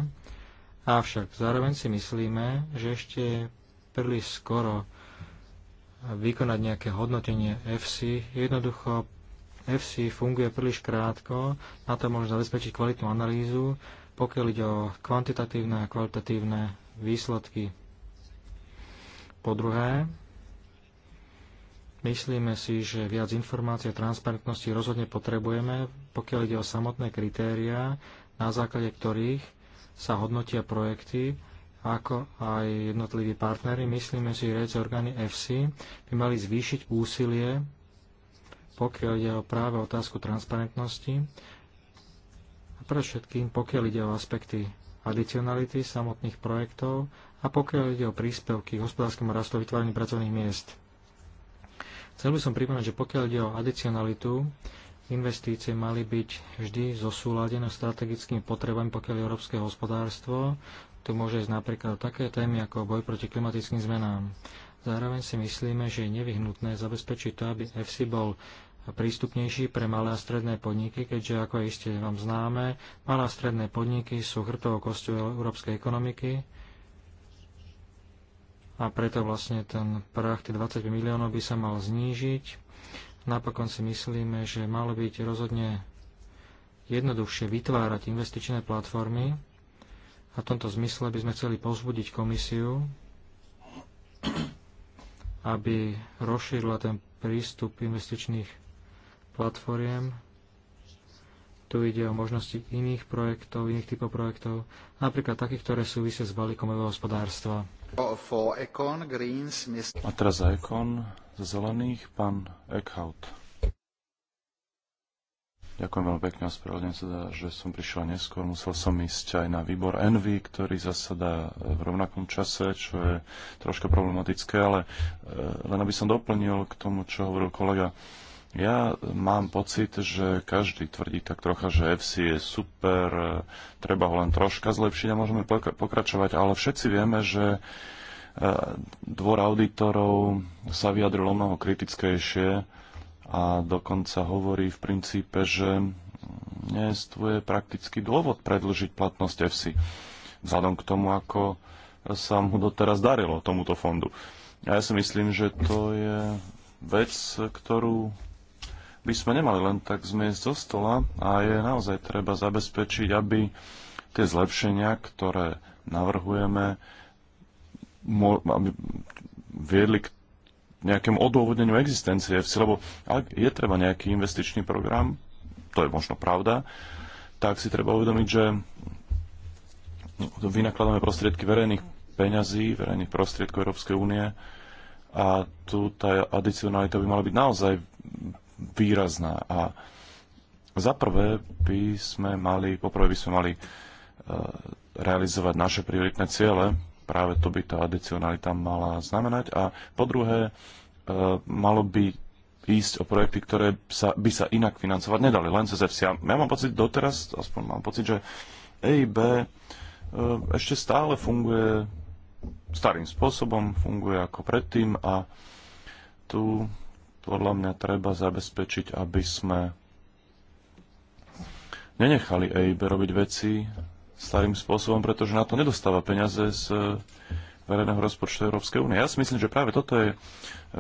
avšak zároveň si myslíme, že ešte je príliš skoro vykonať nejaké hodnotenie FC. Jednoducho FC funguje príliš krátko, na to môže zabezpečiť kvalitnú analýzu, pokiaľ ide o kvantitatívne a kvalitatívne výsledky. Po druhé, myslíme si, že viac informácií a transparentnosti rozhodne potrebujeme, pokiaľ ide o samotné kritériá, na základe ktorých sa hodnotia projekty, ako aj jednotliví partnery. Myslíme si, že orgány FC by mali zvýšiť úsilie pokiaľ ide o práve otázku transparentnosti a pre všetkým, pokiaľ ide o aspekty adicionality samotných projektov a pokiaľ ide o príspevky k hospodárskému rastu a vytváraní pracovných miest. Chcel by som pripomenúť, že pokiaľ ide o adicionalitu, investície mali byť vždy zosúladené strategickými potrebami, pokiaľ je európske hospodárstvo. Tu môže ísť napríklad také témy ako boj proti klimatickým zmenám. Zároveň si myslíme, že je nevyhnutné zabezpečiť to, aby EFSI bol prístupnejší pre malé a stredné podniky, keďže, ako je iste vám známe, malé a stredné podniky sú hrtovou kostou európskej ekonomiky a preto vlastne ten prach, tých 25 miliónov by sa mal znížiť. Napokon si myslíme, že malo byť rozhodne jednoduchšie vytvárať investičné platformy a v tomto zmysle by sme chceli pozbudiť komisiu, aby rozšírila ten prístup investičných platformiem. Tu ide o možnosti iných projektov, iných typov projektov, napríklad takých, ktoré súvisia s balíkom hospodárstva. A teraz za Ekon, za zelených, pán Eckhout. Ďakujem veľmi pekne, ospravedlňujem sa, že som prišiel neskôr. Musel som ísť aj na výbor Envy, ktorý zasada v rovnakom čase, čo je troška problematické, ale eh, len aby som doplnil k tomu, čo hovoril kolega. Ja mám pocit, že každý tvrdí tak trocha, že FC je super, treba ho len troška zlepšiť a môžeme pokračovať, ale všetci vieme, že e, dvor auditorov sa vyjadrilo o mnoho kritickejšie a dokonca hovorí v princípe, že neestvuje prakticky dôvod predlžiť platnosť FC vzhľadom k tomu, ako sa mu doteraz darilo tomuto fondu. A ja si myslím, že to je vec, ktorú by sme nemali len tak zmiesť zo stola a je naozaj treba zabezpečiť, aby tie zlepšenia, ktoré navrhujeme, aby viedli k nejakému odôvodneniu existencie FC, lebo ak je treba nejaký investičný program, to je možno pravda, tak si treba uvedomiť, že vynakladáme prostriedky verejných peňazí, verejných prostriedkov Európskej únie a tu tá adicionalita by mala byť naozaj výrazná. A za prvé by sme mali, poprvé by sme mali e, realizovať naše prioritné ciele, práve to by tá adicionalita mala znamenať. A po druhé, e, malo by ísť o projekty, ktoré sa, by sa inak financovať nedali, len cez FCA. ja mám pocit doteraz, aspoň mám pocit, že EIB e, ešte stále funguje starým spôsobom, funguje ako predtým a tu podľa mňa treba zabezpečiť, aby sme nenechali EIB robiť veci starým spôsobom, pretože na to nedostáva peniaze z e, verejného rozpočtu Európskej únie. Ja si myslím, že práve toto je e,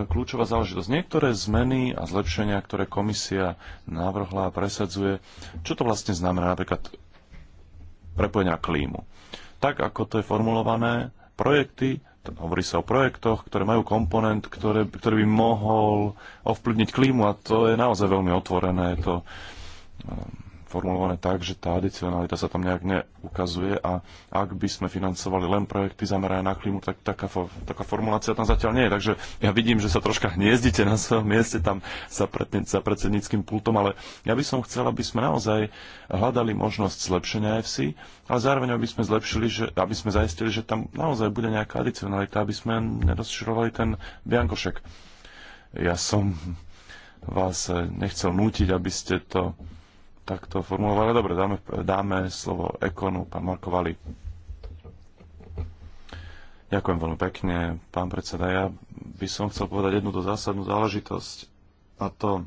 kľúčová záležitosť. Niektoré zmeny a zlepšenia, ktoré komisia navrhla a presadzuje, čo to vlastne znamená napríklad prepojenia klímu. Tak, ako to je formulované, projekty hovorí sa o projektoch, ktoré majú komponent, ktoré, ktorý by mohol ovplyvniť klímu a to je naozaj veľmi otvorené. to, um, formulované tak, že tá adicionalita sa tam nejak neukazuje a ak by sme financovali len projekty zamerané na klímu, tak taká, taká formulácia tam zatiaľ nie je. Takže ja vidím, že sa troška hniezdite na svojom mieste tam za, pred, za predsedníckým pultom, ale ja by som chcel, aby sme naozaj hľadali možnosť zlepšenia FC, ale zároveň aby sme zlepšili, že, aby sme zaistili, že tam naozaj bude nejaká adicionalita, aby sme nerozširovali ten biankošek. Ja som vás nechcel nútiť, aby ste to takto formulovali. Dobre, dáme, dáme slovo Ekonu, pán Markovali. Ďakujem veľmi pekne, pán predseda. Ja by som chcel povedať jednu do zásadnú záležitosť a to,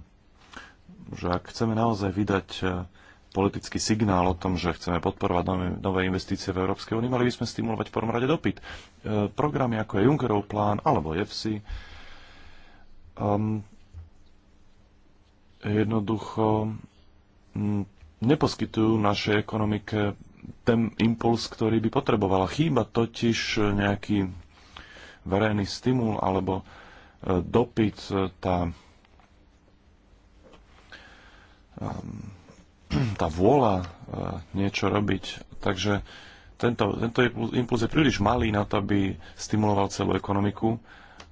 že ak chceme naozaj vydať e, politický signál o tom, že chceme podporovať nové, nové investície v Európskej únii, mali by sme stimulovať v prvom rade dopyt. E, programy ako je Junckerov plán alebo EFSI um, jednoducho neposkytujú našej ekonomike ten impuls, ktorý by potrebovala. Chýba totiž nejaký verejný stimul alebo e, dopyt, e, tá, tá vôľa e, niečo robiť. Takže tento, tento impuls je príliš malý na to, aby stimuloval celú ekonomiku.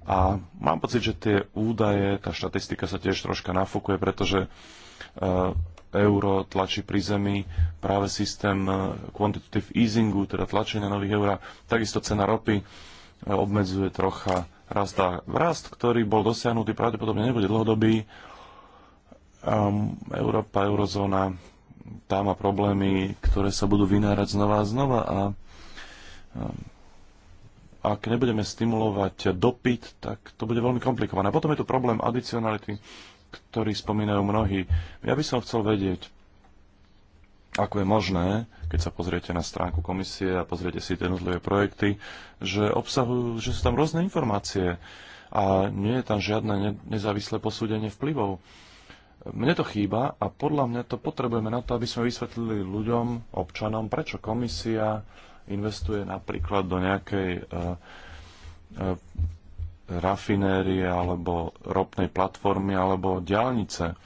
A mám pocit, že tie údaje, tá štatistika sa tiež troška nafokuje, pretože euro tlačí pri zemi, práve systém eh, quantitative easingu, teda tlačenia nových eur, takisto cena ropy eh, obmedzuje trocha rast. A rast, ktorý bol dosiahnutý, pravdepodobne nebude dlhodobý. Um, Európa, eurozóna, tá má problémy, ktoré sa budú vynárať znova a znova a um, ak nebudeme stimulovať dopyt, tak to bude veľmi komplikované. Potom je tu problém adicionality, ktorý spomínajú mnohí. Ja by som chcel vedieť, ako je možné, keď sa pozriete na stránku komisie a pozriete si tie jednotlivé projekty, že obsahujú, že sú tam rôzne informácie a nie je tam žiadne nezávislé posúdenie vplyvov. Mne to chýba a podľa mňa to potrebujeme na to, aby sme vysvetlili ľuďom, občanom, prečo komisia investuje napríklad do nejakej eh, eh, rafinérie alebo ropnej platformy alebo diálnice. E,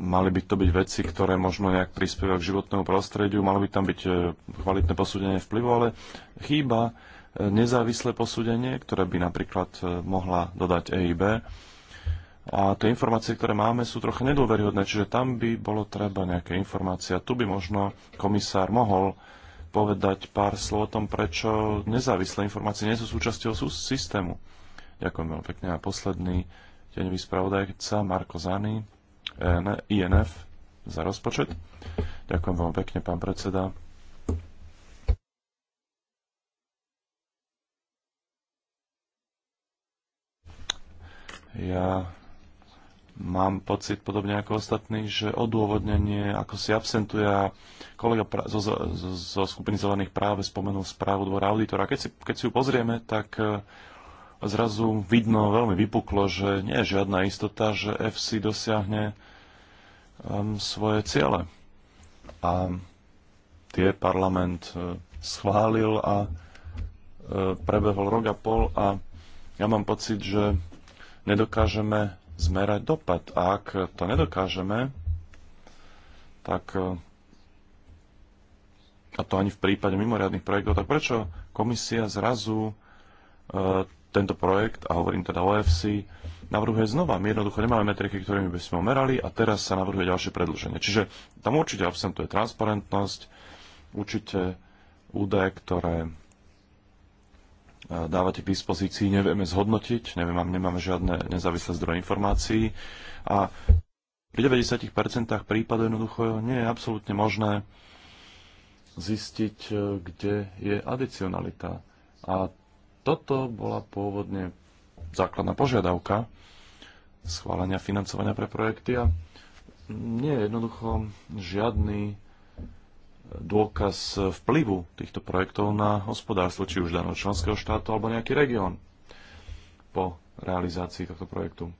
mali by to byť veci, ktoré možno nejak prispievajú k životnému prostrediu, malo by tam byť e, kvalitné posúdenie vplyvu, ale chýba e, nezávislé posúdenie, ktoré by napríklad mohla dodať EIB. A tie informácie, ktoré máme, sú trochu nedôveryhodné, čiže tam by bolo treba nejaké informácie. A tu by možno komisár mohol povedať pár slov o tom, prečo nezávislé informácie nie sú súčasťou systému. Ďakujem veľmi pekne. A posledný deňový spravodajca Marko Zany, INF, za rozpočet. Ďakujem veľmi pekne, pán predseda. Ja mám pocit, podobne ako ostatní, že odôvodnenie ako si absentuje a kolega zo, zo, zo skupiny zelených práve spomenul správu dvora auditora. Keď si, keď si ju pozrieme, tak e, zrazu vidno veľmi vypuklo, že nie je žiadna istota, že FC dosiahne um, svoje ciele. A tie parlament e, schválil a e, prebehol rok a pol a ja mám pocit, že nedokážeme zmerať dopad. A ak to nedokážeme, tak e, a to ani v prípade mimoriadných projektov, tak prečo komisia zrazu e, tento projekt, a hovorím teda o EFC, navrhuje znova. My jednoducho nemáme metriky, ktorými by sme merali a teraz sa navrhuje ďalšie predlženie. Čiže tam určite absentuje transparentnosť, určite údaje, ktoré dávate k dispozícii, nevieme zhodnotiť, neviem, nemáme žiadne nezávislé zdroje informácií a pri 90% prípadov jednoducho nie je absolútne možné zistiť, e, kde je adicionalita. A toto bola pôvodne základná požiadavka schválenia financovania pre projekty a nie je jednoducho žiadny dôkaz vplyvu týchto projektov na hospodárstvo, či už daného členského štátu alebo nejaký región po realizácii tohto projektu.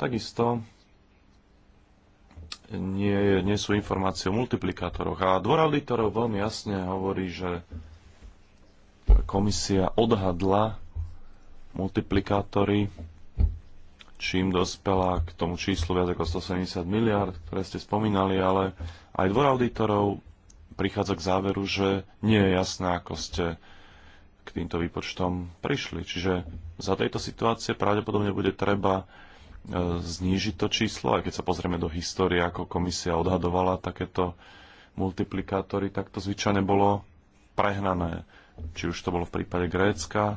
Takisto nie, nie sú informácie o multiplikátoroch. A dvor auditorov veľmi jasne hovorí, že komisia odhadla multiplikátory, čím dospela k tomu číslu viac ako 170 miliard, ktoré ste spomínali, ale aj dvor auditorov prichádza k záveru, že nie je jasné, ako ste k týmto výpočtom prišli. Čiže za tejto situácie pravdepodobne bude treba e, znížiť to číslo, A keď sa pozrieme do histórie, ako komisia odhadovala takéto multiplikátory, tak to zvyčajne bolo prehnané. Či už to bolo v prípade Grécka,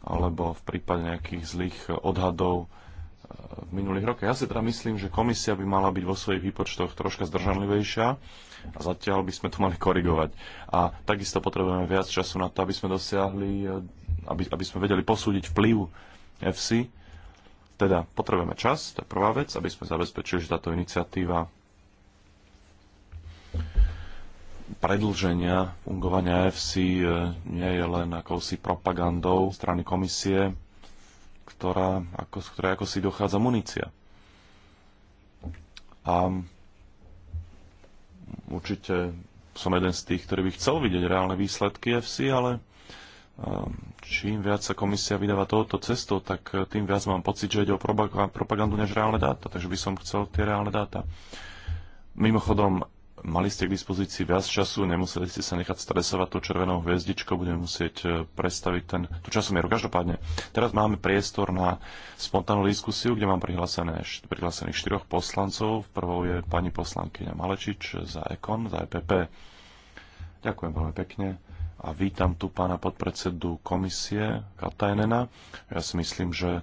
alebo v prípade nejakých zlých odhadov v minulých rokoch. Ja si teda myslím, že komisia by mala byť vo svojich výpočtoch troška zdržanlivejšia a zatiaľ by sme to mali korigovať. A takisto potrebujeme viac času na to, aby sme dosiahli, e, aby, aby sme vedeli posúdiť vplyv FC. Teda potrebujeme čas, to je prvá vec, aby sme zabezpečili, že táto iniciatíva predlženia fungovania FC e, nie je len akousi propagandou strany komisie, ktorá, ako, z ktorej ako si dochádza munícia. A určite som jeden z tých, ktorý by chcel vidieť reálne výsledky FC, ale ehm, čím viac sa komisia vydáva touto cestou, tak eh, tým viac mám pocit, že ide o propagandu než reálne dáta, takže by som chcel tie reálne dáta. Mimochodom, mali ste k dispozícii viac času, nemuseli ste sa nechať stresovať to červenou hviezdičkou, budeme musieť e, predstaviť ten, tú časomieru. Každopádne, teraz máme priestor na spontánnu diskusiu, kde mám prihlásených štyroch poslancov. Prvou je pani poslankyňa Malečič za EKON, za EPP. Ďakujem veľmi pekne a vítam tu pána podpredsedu komisie Katajnena. Ja si myslím, že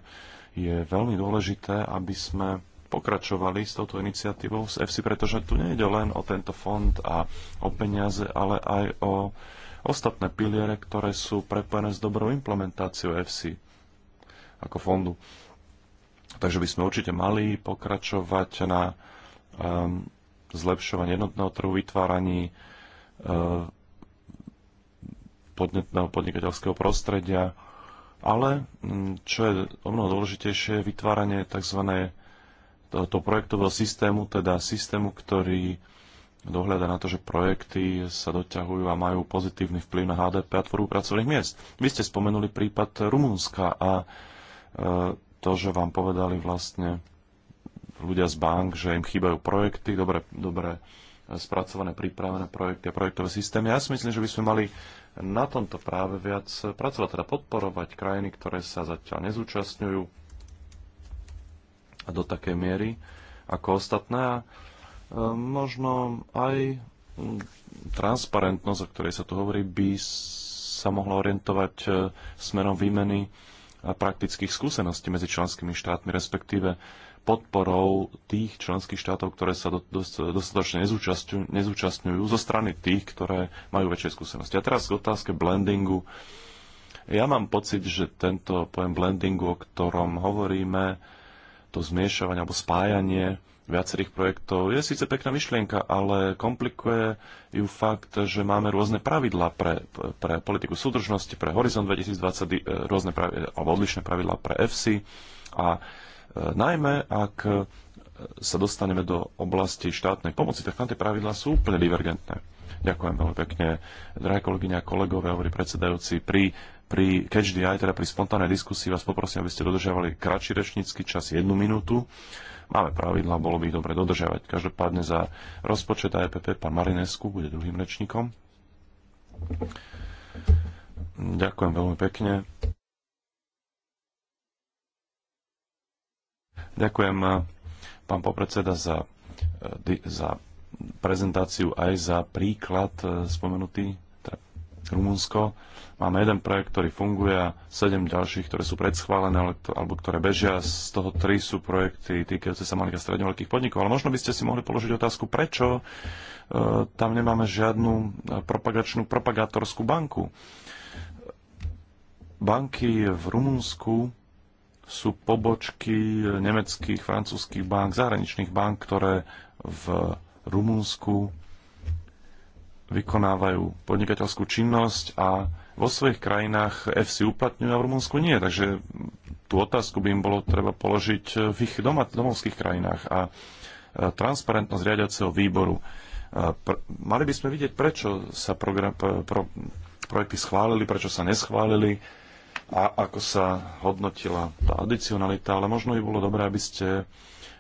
je veľmi dôležité, aby sme pokračovali s touto iniciatívou z EFSI, pretože tu nejde len o tento fond a o peniaze, ale aj o ostatné piliere, ktoré sú prepojené s dobrou implementáciou EFSI ako fondu. Takže by sme určite mali pokračovať na um, zlepšovaní jednotného trhu, vytváraní uh, podnetného podnikateľského prostredia, ale mm, čo je o mnoho dôležitejšie, je vytváranie tzv tohoto projektového systému, teda systému, ktorý dohľada na to, že projekty sa doťahujú a majú pozitívny vplyv na HDP a tvorbu pracovných miest. Vy ste spomenuli prípad Rumunska a e, to, že vám povedali vlastne ľudia z bank, že im chýbajú projekty, dobre, dobre e, spracované, pripravené projekty a projektové systémy. Ja si myslím, že by sme mali na tomto práve viac pracovať, teda podporovať krajiny, ktoré sa zatiaľ nezúčastňujú a do takej miery ako ostatné. A e, možno aj transparentnosť, o ktorej sa tu hovorí, by sa mohla orientovať e, smerom výmeny e, praktických skúseností medzi členskými štátmi, respektíve podporou tých členských štátov, ktoré sa dostatočne nezúčastňujú, nezúčastňujú zo strany tých, ktoré majú väčšie skúsenosti. A teraz k otázke blendingu. Ja mám pocit, že tento pojem blendingu, o ktorom hovoríme, to zmiešavanie alebo spájanie viacerých projektov je síce pekná myšlienka, ale komplikuje ju fakt, že máme rôzne pravidlá pre, pre politiku súdržnosti, pre Horizon 2020, eh, rôzne pravidla alebo odlišné pravidlá pre FC a eh, najmä ak eh, sa dostaneme do oblasti štátnej pomoci, tak tam tie pravidlá sú úplne divergentné. Ďakujem veľmi pekne. Drahé kolegyne a kolegové, hovorí predsedajúci, pri pri každý teda pri spontánnej diskusii vás poprosím, aby ste dodržiavali kratší rečnícky čas jednu minútu. Máme pravidla, bolo by ich dobre dodržiavať. Každopádne za rozpočet EPP pán Marinesku bude druhým rečníkom. Ďakujem veľmi pekne. Ďakujem eh, pán popredseda za, eh, za prezentáciu aj za príklad e, spomenutý, teda Rumunsko. Máme jeden projekt, ktorý funguje a sedem ďalších, ktoré sú predschválené ale to, alebo ktoré bežia. Z toho tri sú projekty týkajúce sa malých a stredne veľkých podnikov. Ale možno by ste si mohli položiť otázku, prečo e, tam nemáme žiadnu e, propagačnú propagátorskú banku. Banky v Rumunsku sú pobočky nemeckých, francúzských bank, zahraničných bank, ktoré v Rumunsku, vykonávajú podnikateľskú činnosť a vo svojich krajinách FC uplatňujú a v Rumunsku nie. Takže tú otázku by im bolo treba položiť v ich doma, domovských krajinách. A e, transparentnosť riadiaceho výboru. E, mali by sme vidieť, prečo sa program, pro, projekty schválili, prečo sa neschválili a ako sa hodnotila tá adicionalita, ale možno by bolo dobré, aby ste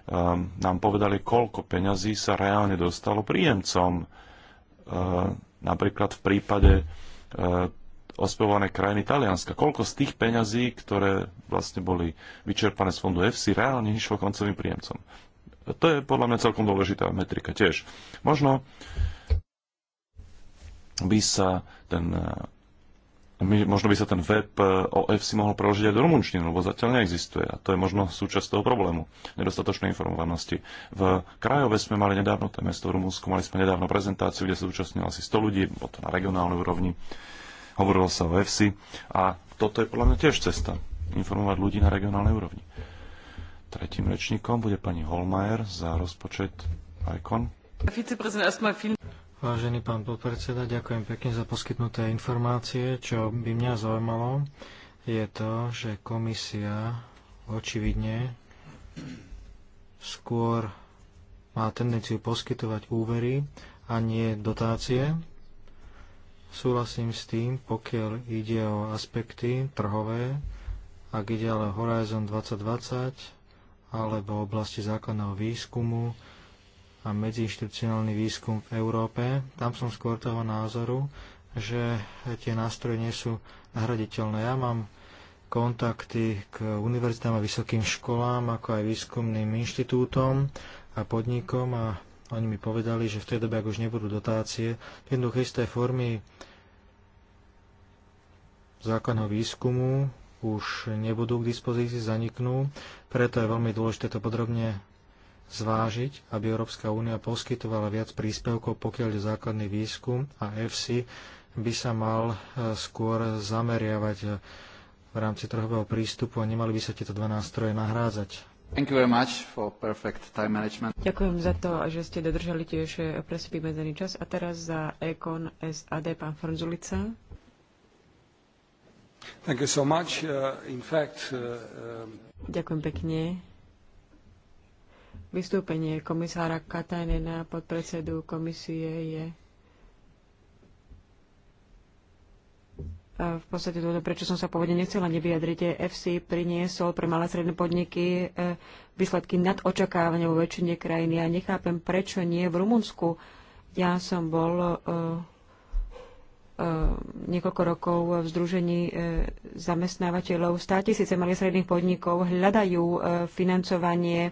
Ehm, nám povedali, koľko peňazí sa reálne dostalo príjemcom. Ehm, napríklad v prípade ehm, ospevované krajiny Talianska. Koľko z tých peňazí, ktoré vlastne boli vyčerpané z fondu EFSI, reálne išlo koncovým príjemcom. To je podľa mňa celkom dôležitá metrika tiež. Možno by sa ten my, možno by sa ten web eh, OF si mohol preložiť aj do rumunčtiny, lebo zatiaľ neexistuje. A to je možno súčasť toho problému, nedostatočnej informovanosti. V krajove sme mali nedávno, to je mesto v Rumunsku, mali sme nedávno prezentáciu, kde sa zúčastnilo asi 100 ľudí, bolo to na regionálnej úrovni, hovorilo sa o EFSI a toto je podľa mňa tiež cesta, informovať ľudí na regionálnej úrovni. Tretím rečníkom bude pani Holmajer za rozpočet ICON. Vážený pán podpredseda, ďakujem pekne za poskytnuté informácie. Čo by mňa zaujímalo, je to, že komisia očividne skôr má tendenciu poskytovať úvery a nie dotácie. Súhlasím s tým, pokiaľ ide o aspekty trhové, ak ide ale Horizon 2020 alebo oblasti základného výskumu, a medziinstitucionálny výskum v Európe. Tam som skôr toho názoru, že tie nástroje nie sú nahraditeľné. Ja mám kontakty k univerzitám a vysokým školám, ako aj výskumným inštitútom a podnikom a oni mi povedali, že v tej dobe, ak už nebudú dotácie, jednoduché isté formy základného výskumu už nebudú k dispozícii, zaniknú. Preto je veľmi dôležité to podrobne zvážiť, aby Európska únia poskytovala viac príspevkov, pokiaľ je základný výskum a FC by sa mal e, skôr zameriavať e, v rámci trhového prístupu a nemali by sa tieto dva nástroje nahrádzať. Ďakujem za to, že ste dodržali tiež e, presne vymedzený čas. A teraz za Econ SAD pán Fronzulica. So uh, fact, uh, um... Ďakujem pekne. Vystúpenie komisára Katajnena pod predsedu komisie je v podstate toto, prečo som sa pôvodne nechcela nevyjadriť, FC priniesol pre malé stredné podniky e, výsledky nad očakávania vo väčšine krajiny Ja nechápem, prečo nie v Rumunsku. Ja som bol e, e, niekoľko rokov v Združení zamestnávateľov. státisíce tisíce malých stredných podnikov hľadajú financovanie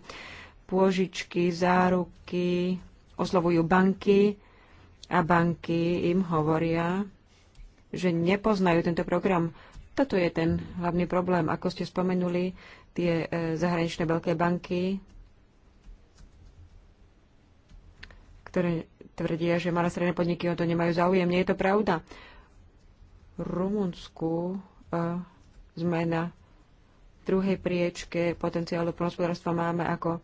pôžičky, záruky, oslovujú banky a banky im hovoria, že nepoznajú tento program. Toto je ten hlavný problém. Ako ste spomenuli, tie e, zahraničné veľké banky, ktoré tvrdia, že malé stredné podniky o to nemajú záujem. Nie je to pravda. V Rumunsku e, sme na druhej priečke potenciálu hospodárstva máme ako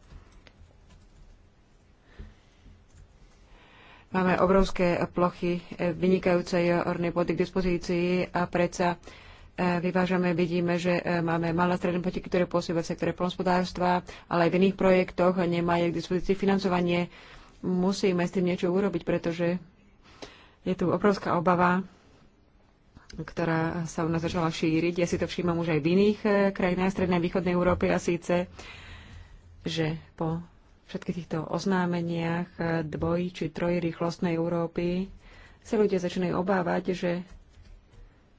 Máme obrovské plochy e, vynikajúcej ornej pôdy k dispozícii a predsa e, vyvážame, vidíme, že e, máme malé stredné podniky, ktoré pôsobia v sektore plnospodárstva, ale aj v iných projektoch nemajú k dispozícii financovanie. Musíme s tým niečo urobiť, pretože je tu obrovská obava, ktorá sa u nás začala šíriť. Ja si to všímam už aj v iných krajinách strednej a východnej Európy a síce, že po všetkých týchto oznámeniach e, dvoj- či trojrýchlostnej Európy sa ľudia začínajú obávať, že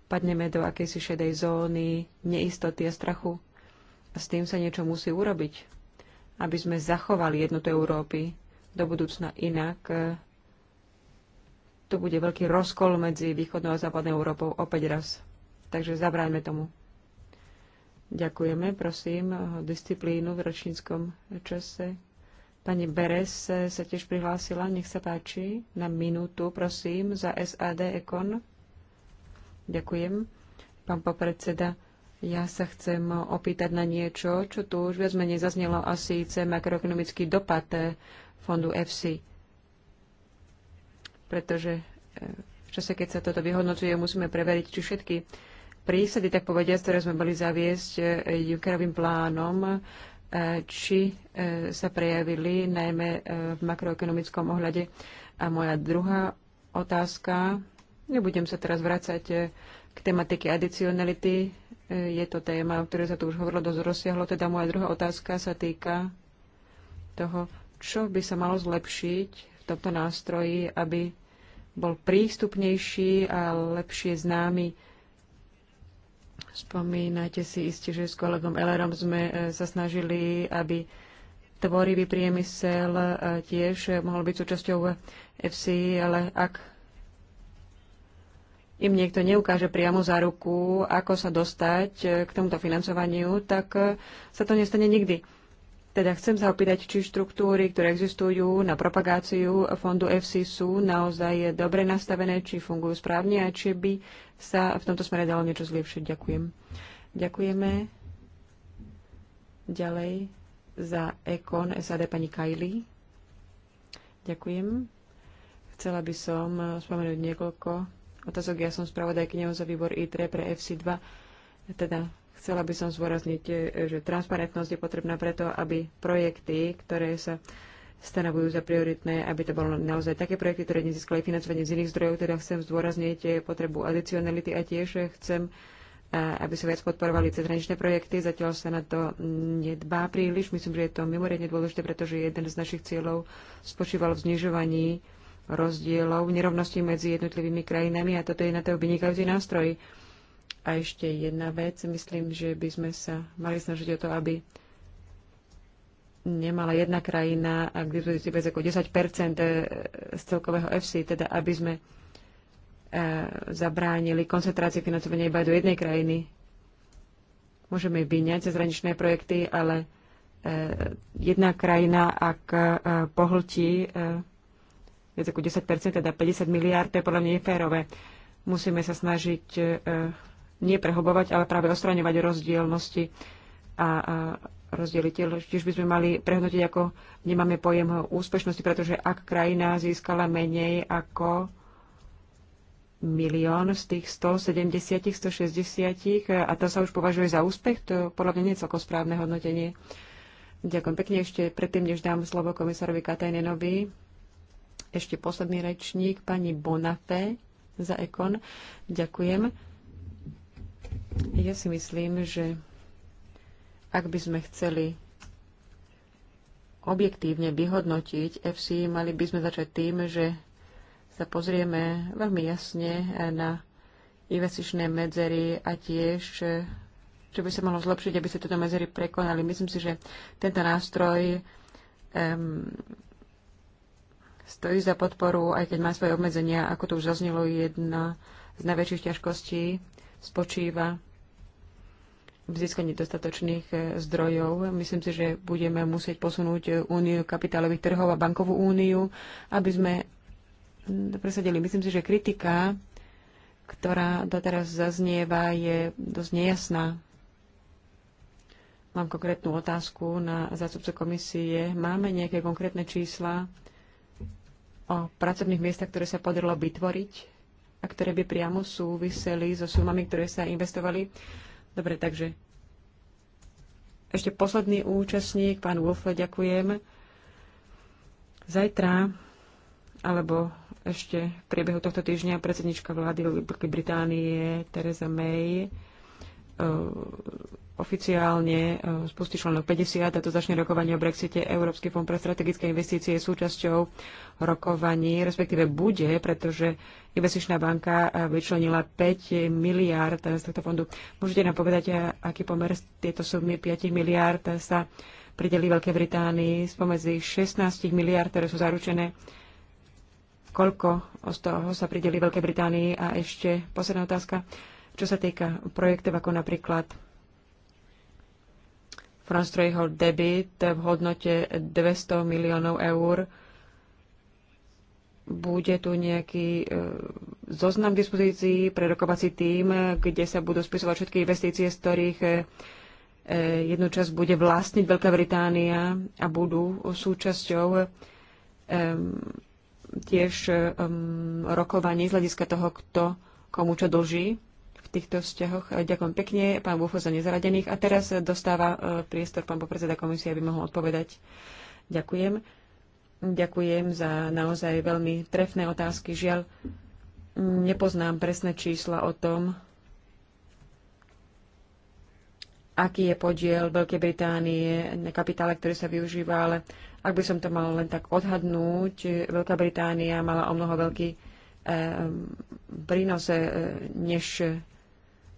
padneme do akejsi šedej zóny neistoty a strachu. A s tým sa niečo musí urobiť, aby sme zachovali jednotu Európy do budúcna inak. E, to bude veľký rozkol medzi východnou a západnou Európou opäť raz. Takže zabráňme tomu. Ďakujeme, prosím, o disciplínu v ročníckom čase. Pani Beres sa tiež prihlásila. Nech sa páči. Na minútu, prosím, za SAD Ekon. Ďakujem. Pán popredseda, ja sa chcem opýtať na niečo, čo tu už viac menej zaznelo a síce makroekonomický dopad eh, fondu FC. Pretože eh, v čase, keď sa toto vyhodnocuje, musíme preveriť, či všetky prísady, tak povediať, ktoré sme boli zaviesť eh, Junckerovým plánom, E, či e, sa prejavili najmä e, v makroekonomickom ohľade. A moja druhá otázka, nebudem sa teraz vracať k tematike adicionality, je to téma, o ktorej sa tu už hovorilo dosť rozsiahlo, teda moja druhá otázka sa týka toho, čo by sa malo zlepšiť v tomto nástroji, aby bol prístupnejší a lepšie známy Spomínate si isté, že s kolegom Ellerom sme e, sa snažili, aby tvorivý priemysel e, tiež mohol byť súčasťou FC, ale ak im niekto neukáže priamo za ruku, ako sa dostať e, k tomuto financovaniu, tak sa to nestane nikdy. Teda chcem sa opýtať, či štruktúry, ktoré existujú na propagáciu fondu FC sú naozaj dobre nastavené, či fungujú správne a či by sa v tomto smere dalo niečo zlepšiť. Ďakujem. Ďakujeme. Ďalej za Ekon SAD pani Kajli. Ďakujem. Chcela by som spomenúť niekoľko otázok. Ja som spravodajkyňou za výbor ITRE pre FC2, teda Chcela by som zvorazniť, e, že transparentnosť je potrebná preto, aby projekty, ktoré sa stanovujú za prioritné, aby to bolo naozaj také projekty, ktoré nezískali financovanie z iných zdrojov. Teda chcem zdôrazniť e, potrebu adicionality a tiež e, chcem, aby sa viac podporovali cezhraničné projekty. Zatiaľ sa na to nedbá príliš. Myslím, že je to mimoriadne dôležité, pretože jeden z našich cieľov spočíval v znižovaní rozdielov, nerovností medzi jednotlivými krajinami a toto je na to vynikajúci nástroj. A ešte jedna vec, myslím, že by sme sa mali snažiť o to, aby nemala jedna krajina a k dispozícii viac ako 10 eh, z celkového FC, teda aby sme eh, zabránili koncentrácii financovania iba do jednej krajiny. Môžeme vyňať cezhraničné projekty, ale eh, jedna krajina, ak pohltí viac ako 10 teda 50 miliárd, to je podľa mňa neférové. Musíme sa snažiť nie prehobovať, ale práve ostraňovať rozdielnosti a, a rozdiely. Tiež by sme mali prehodnotiť, ako nemáme pojem úspešnosti, pretože ak krajina získala menej ako milión z tých 170, 160 a to sa už považuje za úspech, to podľa mňa nie je celkom správne hodnotenie. Ďakujem pekne ešte predtým, než dám slovo komisárovi Katajnenovi. Ešte posledný rečník, pani Bonafé za Ekon. Ďakujem. Ja si myslím, že ak by sme chceli objektívne vyhodnotiť FC, mali by sme začať tým, že sa pozrieme veľmi jasne na investičné medzery a tiež čo by sa mohlo zlepšiť, aby sa tieto medzery prekonali. Myslím si, že tento nástroj um, stojí za podporu, aj keď má svoje obmedzenia, ako to už zaznelo, jedna z najväčších ťažkostí spočíva v získaní dostatočných e, zdrojov. Myslím si, že budeme musieť posunúť úniu kapitálových trhov a bankovú úniu, aby sme presadili. Myslím si, že kritika, ktorá doteraz zaznieva, je dosť nejasná. Mám konkrétnu otázku na zástupcu komisie. Máme nejaké konkrétne čísla o pracovných miestach, ktoré sa podarilo vytvoriť a ktoré by priamo súviseli so sumami, ktoré sa investovali. Dobre, takže ešte posledný účastník, pán Wolfe, ďakujem. Zajtra, alebo ešte v priebehu tohto týždňa, predsednička vlády Veľkej Británie Theresa May oficiálne e, spustí článok 50 a to začne rokovanie o Brexite. Európsky fond pre strategické investície je súčasťou rokovaní, respektíve bude, pretože investičná banka e, vyčlenila 5 miliárd e, z tohto fondu. Môžete nám povedať, aký pomer tieto sumy 5 miliárd sa prideli Veľkej Británii spomedzi 16 miliárd, ktoré sú zaručené koľko z toho sa prideli Veľkej Británii. A ešte posledná otázka, čo sa týka projektov ako napríklad Franstrojho debit v hodnote 200 miliónov eur. Bude tu nejaký e, zoznam dispozícií dispozícii pre rokovací tým, kde sa budú spisovať všetky investície, z ktorých e, e, jednu časť bude vlastniť Veľká Británia a budú súčasťou tiež rokovaní z hľadiska toho, kto komu čo dlží týchto vzťahoch. E, ďakujem pekne, pán Bufo, za nezaradených. A teraz dostáva e, priestor pán popredseda komisie, aby mohol odpovedať. Ďakujem. Ďakujem za naozaj veľmi trefné otázky. Žiaľ, nepoznám presné čísla o tom, aký je podiel Veľkej Británie na kapitále, ktorý sa využíva, ale ak by som to mal len tak odhadnúť, Veľká Británia mala o mnoho veľký e, prínos, než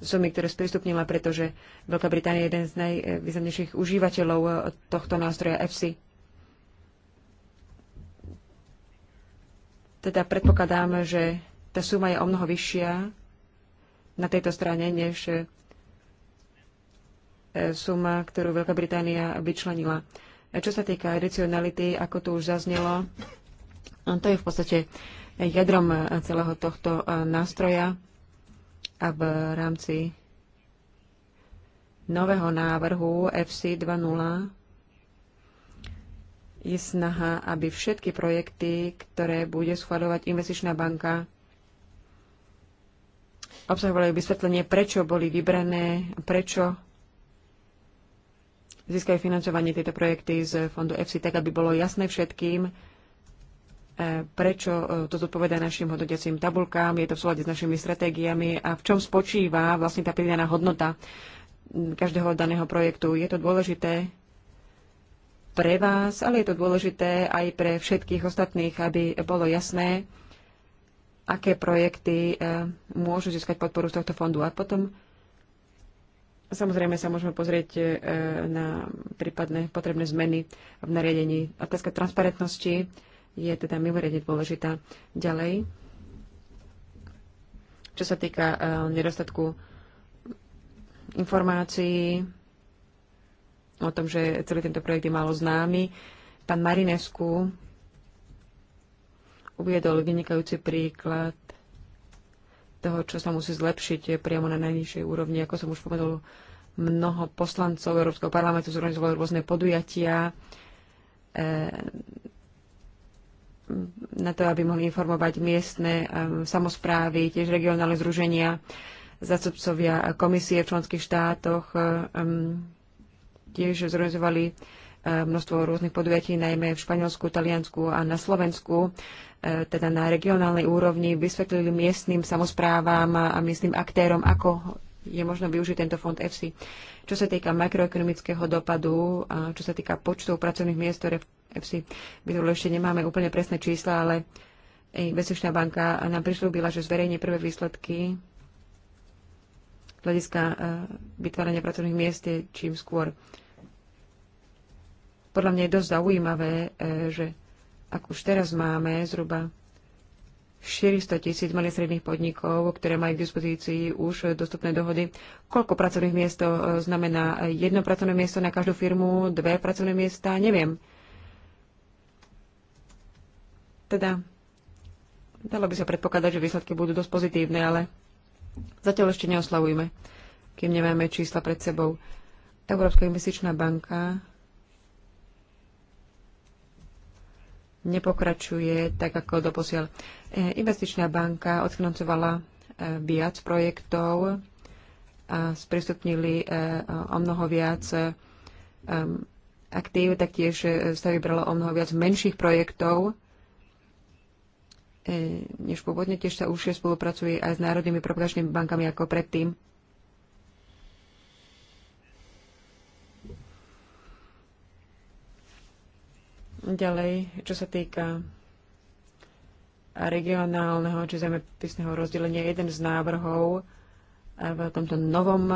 sumy, ktoré sprístupnila, pretože Veľká Británia je jeden z najvýznamnejších užívateľov eh, tohto nástroja EFSI. Teda predpokladám, že tá suma je o mnoho vyššia na tejto strane, než eh, suma, ktorú Veľká Británia vyčlenila. Eh, čo sa týka adicionality, ako tu už zaznelo, to je v podstate jadrom celého tohto nástroja a v rámci nového návrhu FC 2.0 je snaha, aby všetky projekty, ktoré bude schvaľovať investičná banka, obsahovali vysvetlenie, prečo boli vybrané, prečo získajú financovanie tieto projekty z fondu FC, tak aby bolo jasné všetkým, prečo e, to zodpovedá našim hodnotiacim tabulkám, je to v súlade s našimi stratégiami a v čom spočíva vlastne tá pridaná hodnota každého daného projektu. Je to dôležité pre vás, ale je to dôležité aj pre všetkých ostatných, aby bolo jasné, aké projekty e, môžu získať podporu z tohto fondu. A potom Samozrejme sa môžeme pozrieť e, na prípadné potrebné zmeny v nariadení. Otázka transparentnosti je teda mimoriadne dôležitá. Ďalej, čo sa týka e, nedostatku informácií o tom, že celý tento projekt je málo známy, pán Marinescu uviedol vynikajúci príklad toho, čo sa musí zlepšiť priamo na najnižšej úrovni. Ako som už povedal, mnoho poslancov Európskeho parlamentu zorganizovalo rôzne podujatia, e, na to, aby mohli informovať miestne um, samozprávy, tiež regionálne združenia, zastupcovia komisie v členských štátoch. Um, tiež zorganizovali um, množstvo rôznych podujatí, najmä v Španielsku, Taliansku a na Slovensku, uh, teda na regionálnej úrovni, vysvetlili miestnym samozprávam a miestnym aktérom, ako je možno využiť tento fond EFSI. Čo sa týka makroekonomického dopadu, čo sa týka počtov pracovných miest, ktoré v si Minulé ešte nemáme úplne presné čísla, ale Investičná banka nám prislúbila, že zverejní prvé výsledky z hľadiska e, vytvárania pracovných miest čím skôr. Podľa mňa je dosť zaujímavé, e, že ak už teraz máme zhruba 400 tisíc malých stredných podnikov, ktoré majú k dispozícii už dostupné dohody. Koľko pracovných miest to e, znamená? Jedno pracovné miesto na každú firmu, dve pracovné miesta? Neviem. Teda, dalo by sa predpokladať, že výsledky budú dosť pozitívne, ale zatiaľ ešte neoslavujme, kým nemáme čísla pred sebou. Európska investičná banka nepokračuje tak, ako doposiaľ. E, investičná banka odfinancovala e, viac projektov a sprístupnili e, o mnoho viac um, aktív, taktiež sa vybralo o mnoho viac menších projektov E, než pôvodne, tiež sa už spolupracuje aj s národnými propagačnými bankami ako predtým. Ďalej, čo sa týka regionálneho či zemepisného rozdelenia, jeden z návrhov v tomto novom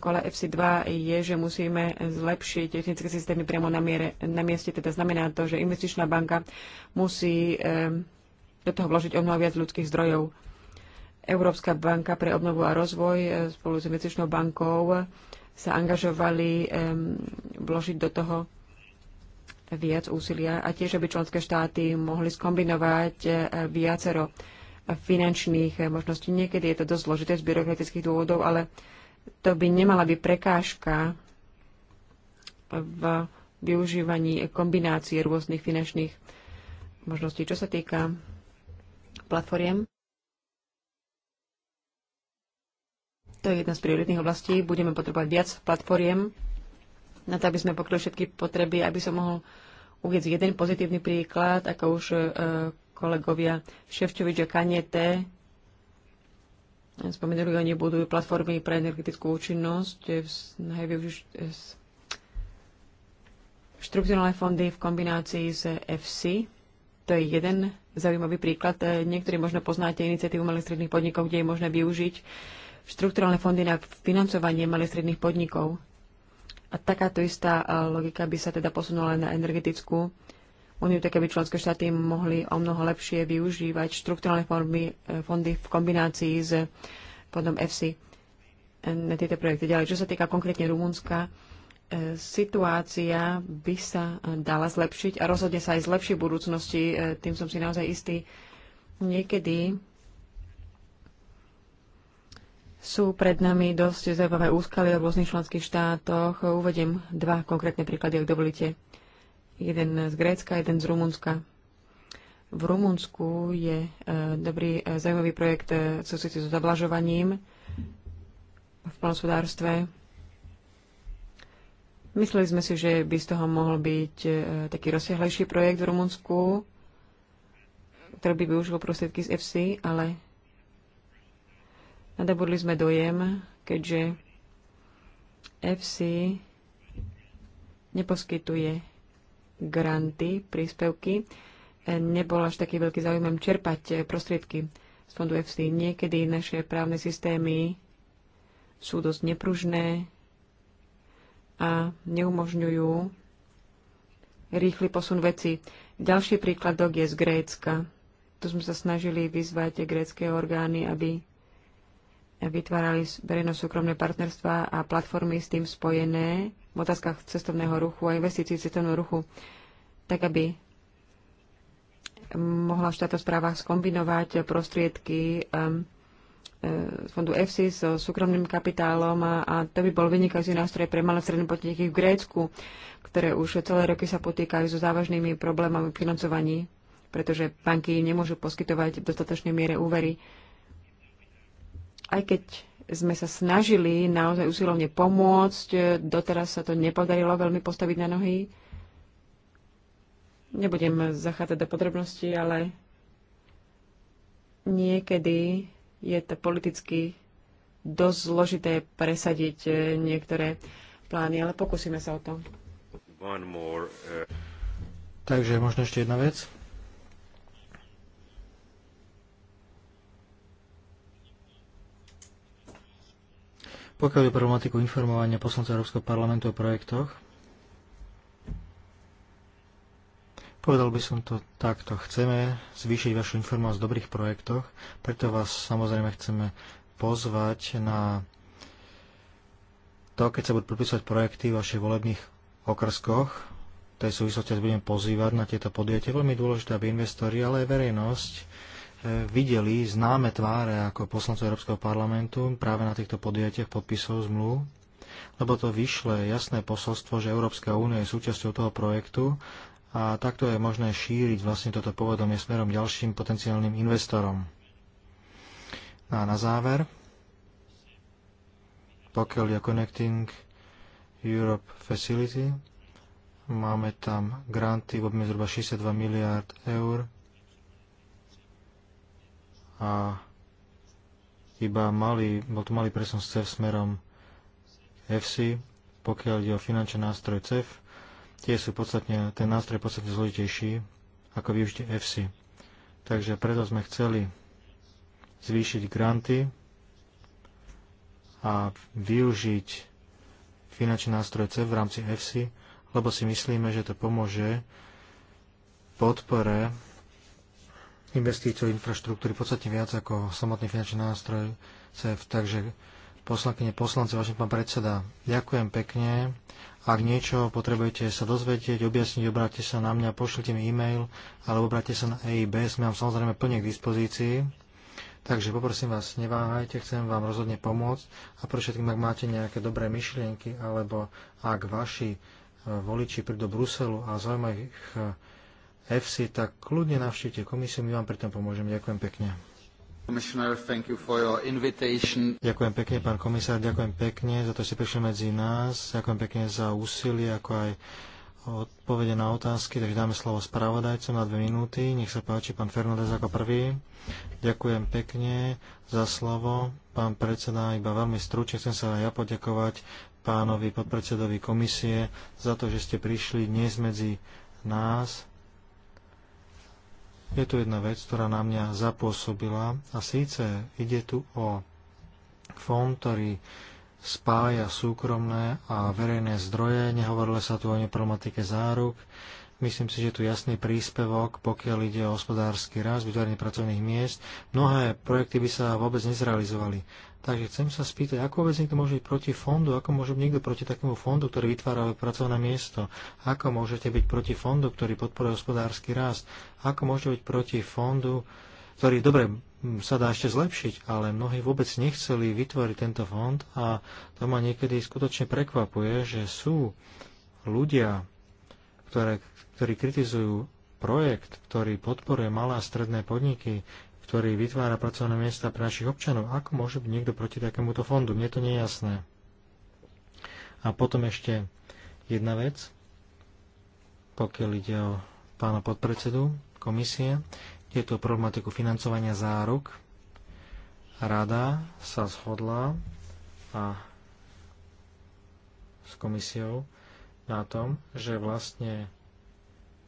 kole FC2 je, že musíme zlepšiť technické systémy priamo na, miere, na mieste. Teda znamená to, že investičná banka musí eh, do toho vložiť o mnoho viac ľudských zdrojov. Európska banka pre obnovu a rozvoj eh, spolu s investičnou bankou sa angažovali eh, vložiť do toho viac úsilia a tiež, aby členské štáty mohli skombinovať viacero finančných možností. Niekedy je to dosť zložité z byrokratických dôvodov, ale to by nemala byť prekážka v využívaní kombinácie rôznych finančných možností. Čo sa týka platformiem, to je jedna z prioritných oblastí. Budeme potrebovať viac platformiem na to, aby sme pokryli všetky potreby, aby som mohol uvieť jeden pozitívny príklad, ako už eh, kolegovia Ševčovič a Kanete Spomenuli, oni budujú platformy pre energetickú účinnosť, v využiť štruktúrne fondy v kombinácii s FC. To je jeden zaujímavý príklad. E, niektorí možno poznáte iniciatívu malých stredných podnikov, kde je možné využiť štruktúrne fondy na financovanie malých stredných podnikov. A takáto istá e, logika by sa teda posunula na energetickú Uniu, tak aby členské štáty mohli o mnoho lepšie využívať štrukturálne formy, e, fondy v kombinácii s fondom EFSI na tieto projekty ďalej. Čo sa týka konkrétne Rumunska, e, situácia by sa dala zlepšiť a rozhodne sa aj zlepší v budúcnosti, e, tým som si naozaj istý. Niekedy sú pred nami dosť zaujímavé úskaly v rôznych členských štátoch. Uvediem dva konkrétne príklady, ak dovolíte. Jeden z Grécka, jeden z Rumunska. V Rumunsku je e, dobrý, e, zaujímavý projekt e, v súvislosti so zablažovaním v plnospodárstve. Mysleli sme si, že by z toho mohol byť taký rozsiahlejší projekt v Rumunsku, ktorý by využil prostriedky z FC, ale nadobudli sme dojem, keďže FC neposkytuje granty, príspevky, e, nebol až taký veľký záujem čerpať e, prostriedky z fondu FC. Niekedy naše právne systémy sú dosť nepružné a neumožňujú rýchly posun veci. Ďalší príkladok je z Grécka. Tu sme sa snažili vyzvať grécké orgány, aby vytvárali verejno-súkromné partnerstva a platformy s tým spojené v otázkach cestovného ruchu a investícií cestovného ruchu, tak aby mohla v štátoch správach skombinovať prostriedky um, eh, z fondu EFSI so súkromným kapitálom a, a to by bol vynikajúci nástroj pre malé stredné podniky v Grécku, ktoré už celé roky sa potýkajú so závažnými problémami v financovaní, pretože banky nemôžu poskytovať v dostatočnej miere úvery. Aj keď sme sa snažili naozaj usilovne pomôcť. Doteraz sa to nepodarilo veľmi postaviť na nohy. Nebudem zachádzať do podrobností, ale niekedy je to politicky dosť zložité presadiť eh, niektoré plány, ale pokúsime sa o to. More, uh... Takže možno ešte jedna vec. Pokiaľ je problematiku informovania poslancov Európskeho parlamentu o projektoch, povedal by som to takto. Chceme zvýšiť vašu informovanosť o dobrých projektoch, preto vás samozrejme chceme pozvať na to, keď sa budú podpísať projekty v vašich volebných okrskoch. V tej súvislosti budeme pozývať na tieto podujete. Veľmi dôležité, aby investori, ale aj verejnosť E, videli známe tváre ako poslancov Európskeho parlamentu práve na týchto podujatiach podpisov zmluv, lebo to vyšle jasné posolstvo, že Európska únia je súčasťou toho projektu a takto je možné šíriť vlastne toto povedomie smerom ďalším potenciálnym investorom. No a na záver, pokiaľ je Connecting Europe Facility, máme tam granty v objeme zhruba 62 miliard eur, a iba malý, bol to malý presun s CEF smerom FC, pokiaľ ide o finančný nástroj CEF, tie sú podstatne, ten nástroj je podstatne zložitejší ako využite FC. Takže preto sme chceli zvýšiť granty a využiť finančný nástroj CEF v rámci FC, lebo si myslíme, že to pomôže podpore investíciu infraštruktúry podstate viac ako samotný finančný nástroj CEF. Takže poslankyne, poslanci, vážený pán predseda, ďakujem pekne. Ak niečo potrebujete sa dozvedieť, objasniť, obráte sa na mňa, pošlite mi e-mail alebo obráte sa na EIB, sme vám samozrejme plne k dispozícii. Takže poprosím vás, neváhajte, chcem vám rozhodne pomôcť a pre všetkým, ak máte nejaké dobré myšlienky alebo ak vaši eh, voliči prídu do Bruselu a zaujímajú ich eh, EFSI, tak kľudne navštívte komisiu, my vám pri tom pomôžeme. Ďakujem pekne. Ďakujem pekne, pán komisár, ďakujem pekne za to, že ste prišli medzi nás. Ďakujem pekne za úsilie, ako aj odpovede na otázky, takže dáme slovo spravodajcom na dve minúty. Nech sa páči, pán Fernández ako prvý. Ďakujem pekne za slovo. Pán predseda, iba veľmi stručne chcem sa aj ja poďakovať pánovi podpredsedovi komisie za to, že ste prišli dnes medzi nás je tu jedna vec, ktorá na mňa zapôsobila a síce ide tu o fond, ktorý spája súkromné a verejné zdroje. Nehovorilo sa tu o neproblematike záruk. Myslím si, že tu jasný príspevok, pokiaľ ide o hospodársky rast, vytvorenie pracovných miest. Mnohé projekty by sa vôbec nezrealizovali. Takže chcem sa spýtať, ako vôbec niekto môže byť proti fondu, ako môže byť niekto proti takému fondu, ktorý vytvára pracovné miesto, ako môžete byť proti fondu, ktorý podporuje hospodársky rast, ako môžete byť proti fondu, ktorý, dobre, sa dá ešte zlepšiť, ale mnohí vôbec nechceli vytvoriť tento fond a to ma niekedy skutočne prekvapuje, že sú ľudia, ktoré, ktorí kritizujú projekt, ktorý podporuje malé a stredné podniky, ktorý vytvára pracovné miesta pre našich občanov. Ako môže byť niekto proti takémuto fondu? Mne to nie je jasné. A potom ešte jedna vec, pokiaľ ide o pána podpredsedu komisie, je to problematiku financovania záruk. Rada sa shodla a s komisiou na tom, že vlastne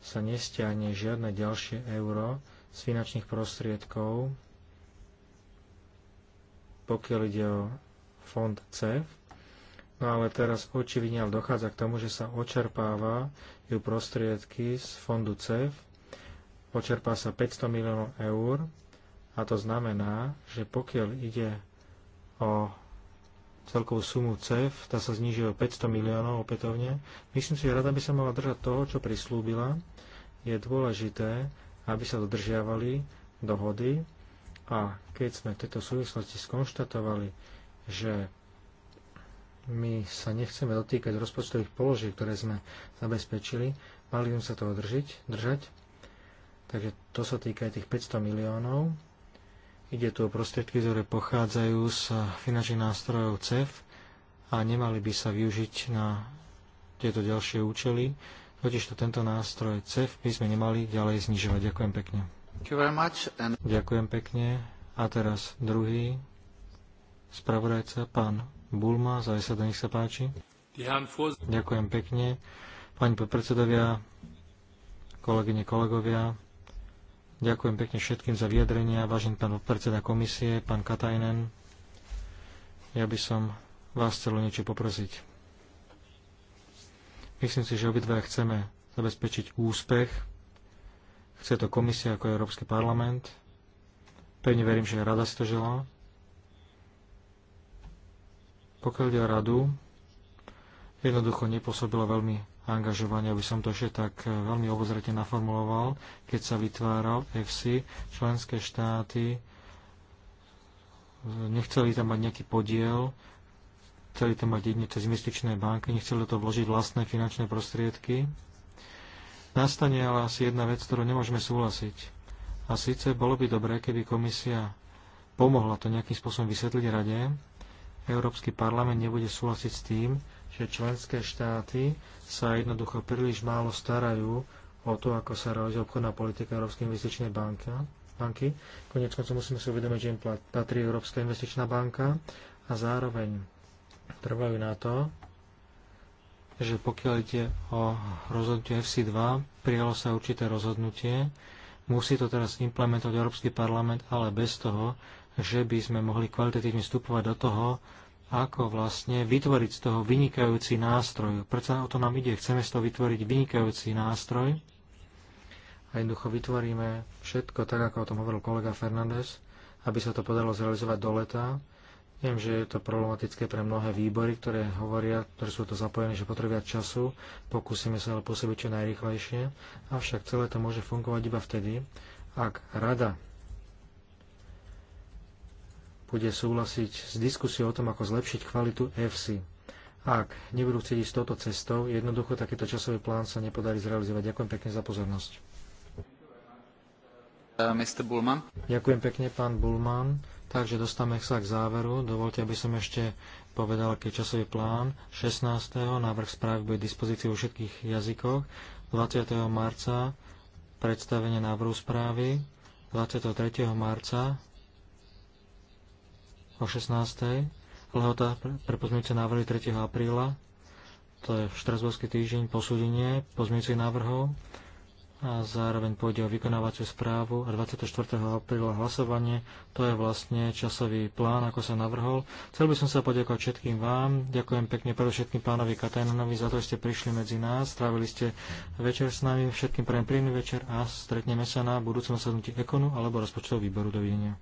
sa nestiahne žiadne ďalšie euro z finančných prostriedkov, pokiaľ ide o fond CEF. No ale teraz očividne dochádza k tomu, že sa očerpáva ju prostriedky z fondu CEF. Očerpá sa 500 miliónov eur a to znamená, že pokiaľ ide o celkovú sumu CEF, tá sa zniží o 500 miliónov opätovne. Myslím si, že rada by sa mala držať toho, čo prislúbila. Je dôležité, aby sa dodržiavali dohody a keď sme v tejto súvislosti skonštatovali, že my sa nechceme dotýkať rozpočtových položiek, ktoré sme zabezpečili, mali sme sa toho držiť, držať. Takže to sa týka aj tých 500 miliónov. Ide tu o prostriedky, ktoré pochádzajú z finančných nástrojov CEF a nemali by sa využiť na tieto ďalšie účely. Totižto tento nástroj CEF by sme nemali ďalej znižovať. Ďakujem pekne. Ďakujem pekne. A teraz druhý spravodajca, pán Bulma, za SAD, nech sa páči. Ďakujem pekne. Pani podpredsedovia, kolegyne, kolegovia, ďakujem pekne všetkým za vyjadrenia, vážený pán predseda komisie, pán Katajnen. Ja by som vás chcel niečo poprosiť. Myslím si, že obidva chceme zabezpečiť úspech. Chce to komisia ako Európsky parlament. Pevne verím, že rada si to želá. Pokiaľ ide radu, jednoducho nepôsobila veľmi angažovanie, aby som to ešte tak eh, veľmi obozretne naformuloval, keď sa vytváral FC, členské štáty eh, nechceli tam mať nejaký podiel chceli to mať jedne cez investičné banky, nechceli to vložiť vlastné finančné prostriedky. Nastane ale asi jedna vec, ktorú nemôžeme súhlasiť. A síce bolo by dobré, keby komisia pomohla to nejakým spôsobom vysvetliť rade. Európsky parlament nebude súhlasiť s tým, že členské štáty sa jednoducho príliš málo starajú o to, ako sa realizuje obchodná politika Európskej investičnej banky. banky. Konec koncov musíme si uvedomiť, že im patrí Európska investičná banka a zároveň trvajú na to, že pokiaľ ide o rozhodnutie FC2, prijalo sa určité rozhodnutie, musí to teraz implementovať Európsky parlament, ale bez toho, že by sme mohli kvalitatívne vstupovať do toho, ako vlastne vytvoriť z toho vynikajúci nástroj. Prečo o to nám ide? Chceme z toho vytvoriť vynikajúci nástroj a jednoducho vytvoríme všetko, tak ako o tom hovoril kolega Fernández, aby sa to podarilo zrealizovať do leta, Viem, že je to problematické pre mnohé výbory, ktoré hovoria, ktoré sú to zapojené, že potrebia času. Pokúsime sa ale pôsobiť čo najrychlejšie. Avšak celé to môže fungovať iba vtedy, ak rada bude súhlasiť s diskusiou o tom, ako zlepšiť kvalitu EFSI. Ak nebudú chcieť ísť touto cestou, jednoducho takýto časový plán sa nepodarí zrealizovať. Ďakujem pekne za pozornosť. Uh, Ďakujem pekne, pán Bulman. Takže dostávame sa k záveru. Dovolte, aby som ešte povedal, aký časový plán. 16. návrh správy bude dispozícii vo všetkých jazykoch. 20. marca predstavenie návrhu správy. 23. marca o 16. Lehota pre pozmeňujúce návrhy 3. apríla. To je v Štrasburský týždeň posúdenie pozmeňujúcich návrhov a zároveň pôjde o vykonávaciu správu a 24. apríla hlasovanie. To je vlastne časový plán, ako sa navrhol. Chcel by som sa poďakovať všetkým vám. Ďakujem pekne všetkým pánovi Katajnanovi za to, že ste prišli medzi nás. Strávili ste večer s nami. Všetkým prajem príjemný večer a stretneme sa na budúcom sadnutí Ekonu alebo rozpočtov výboru. Dovidenia.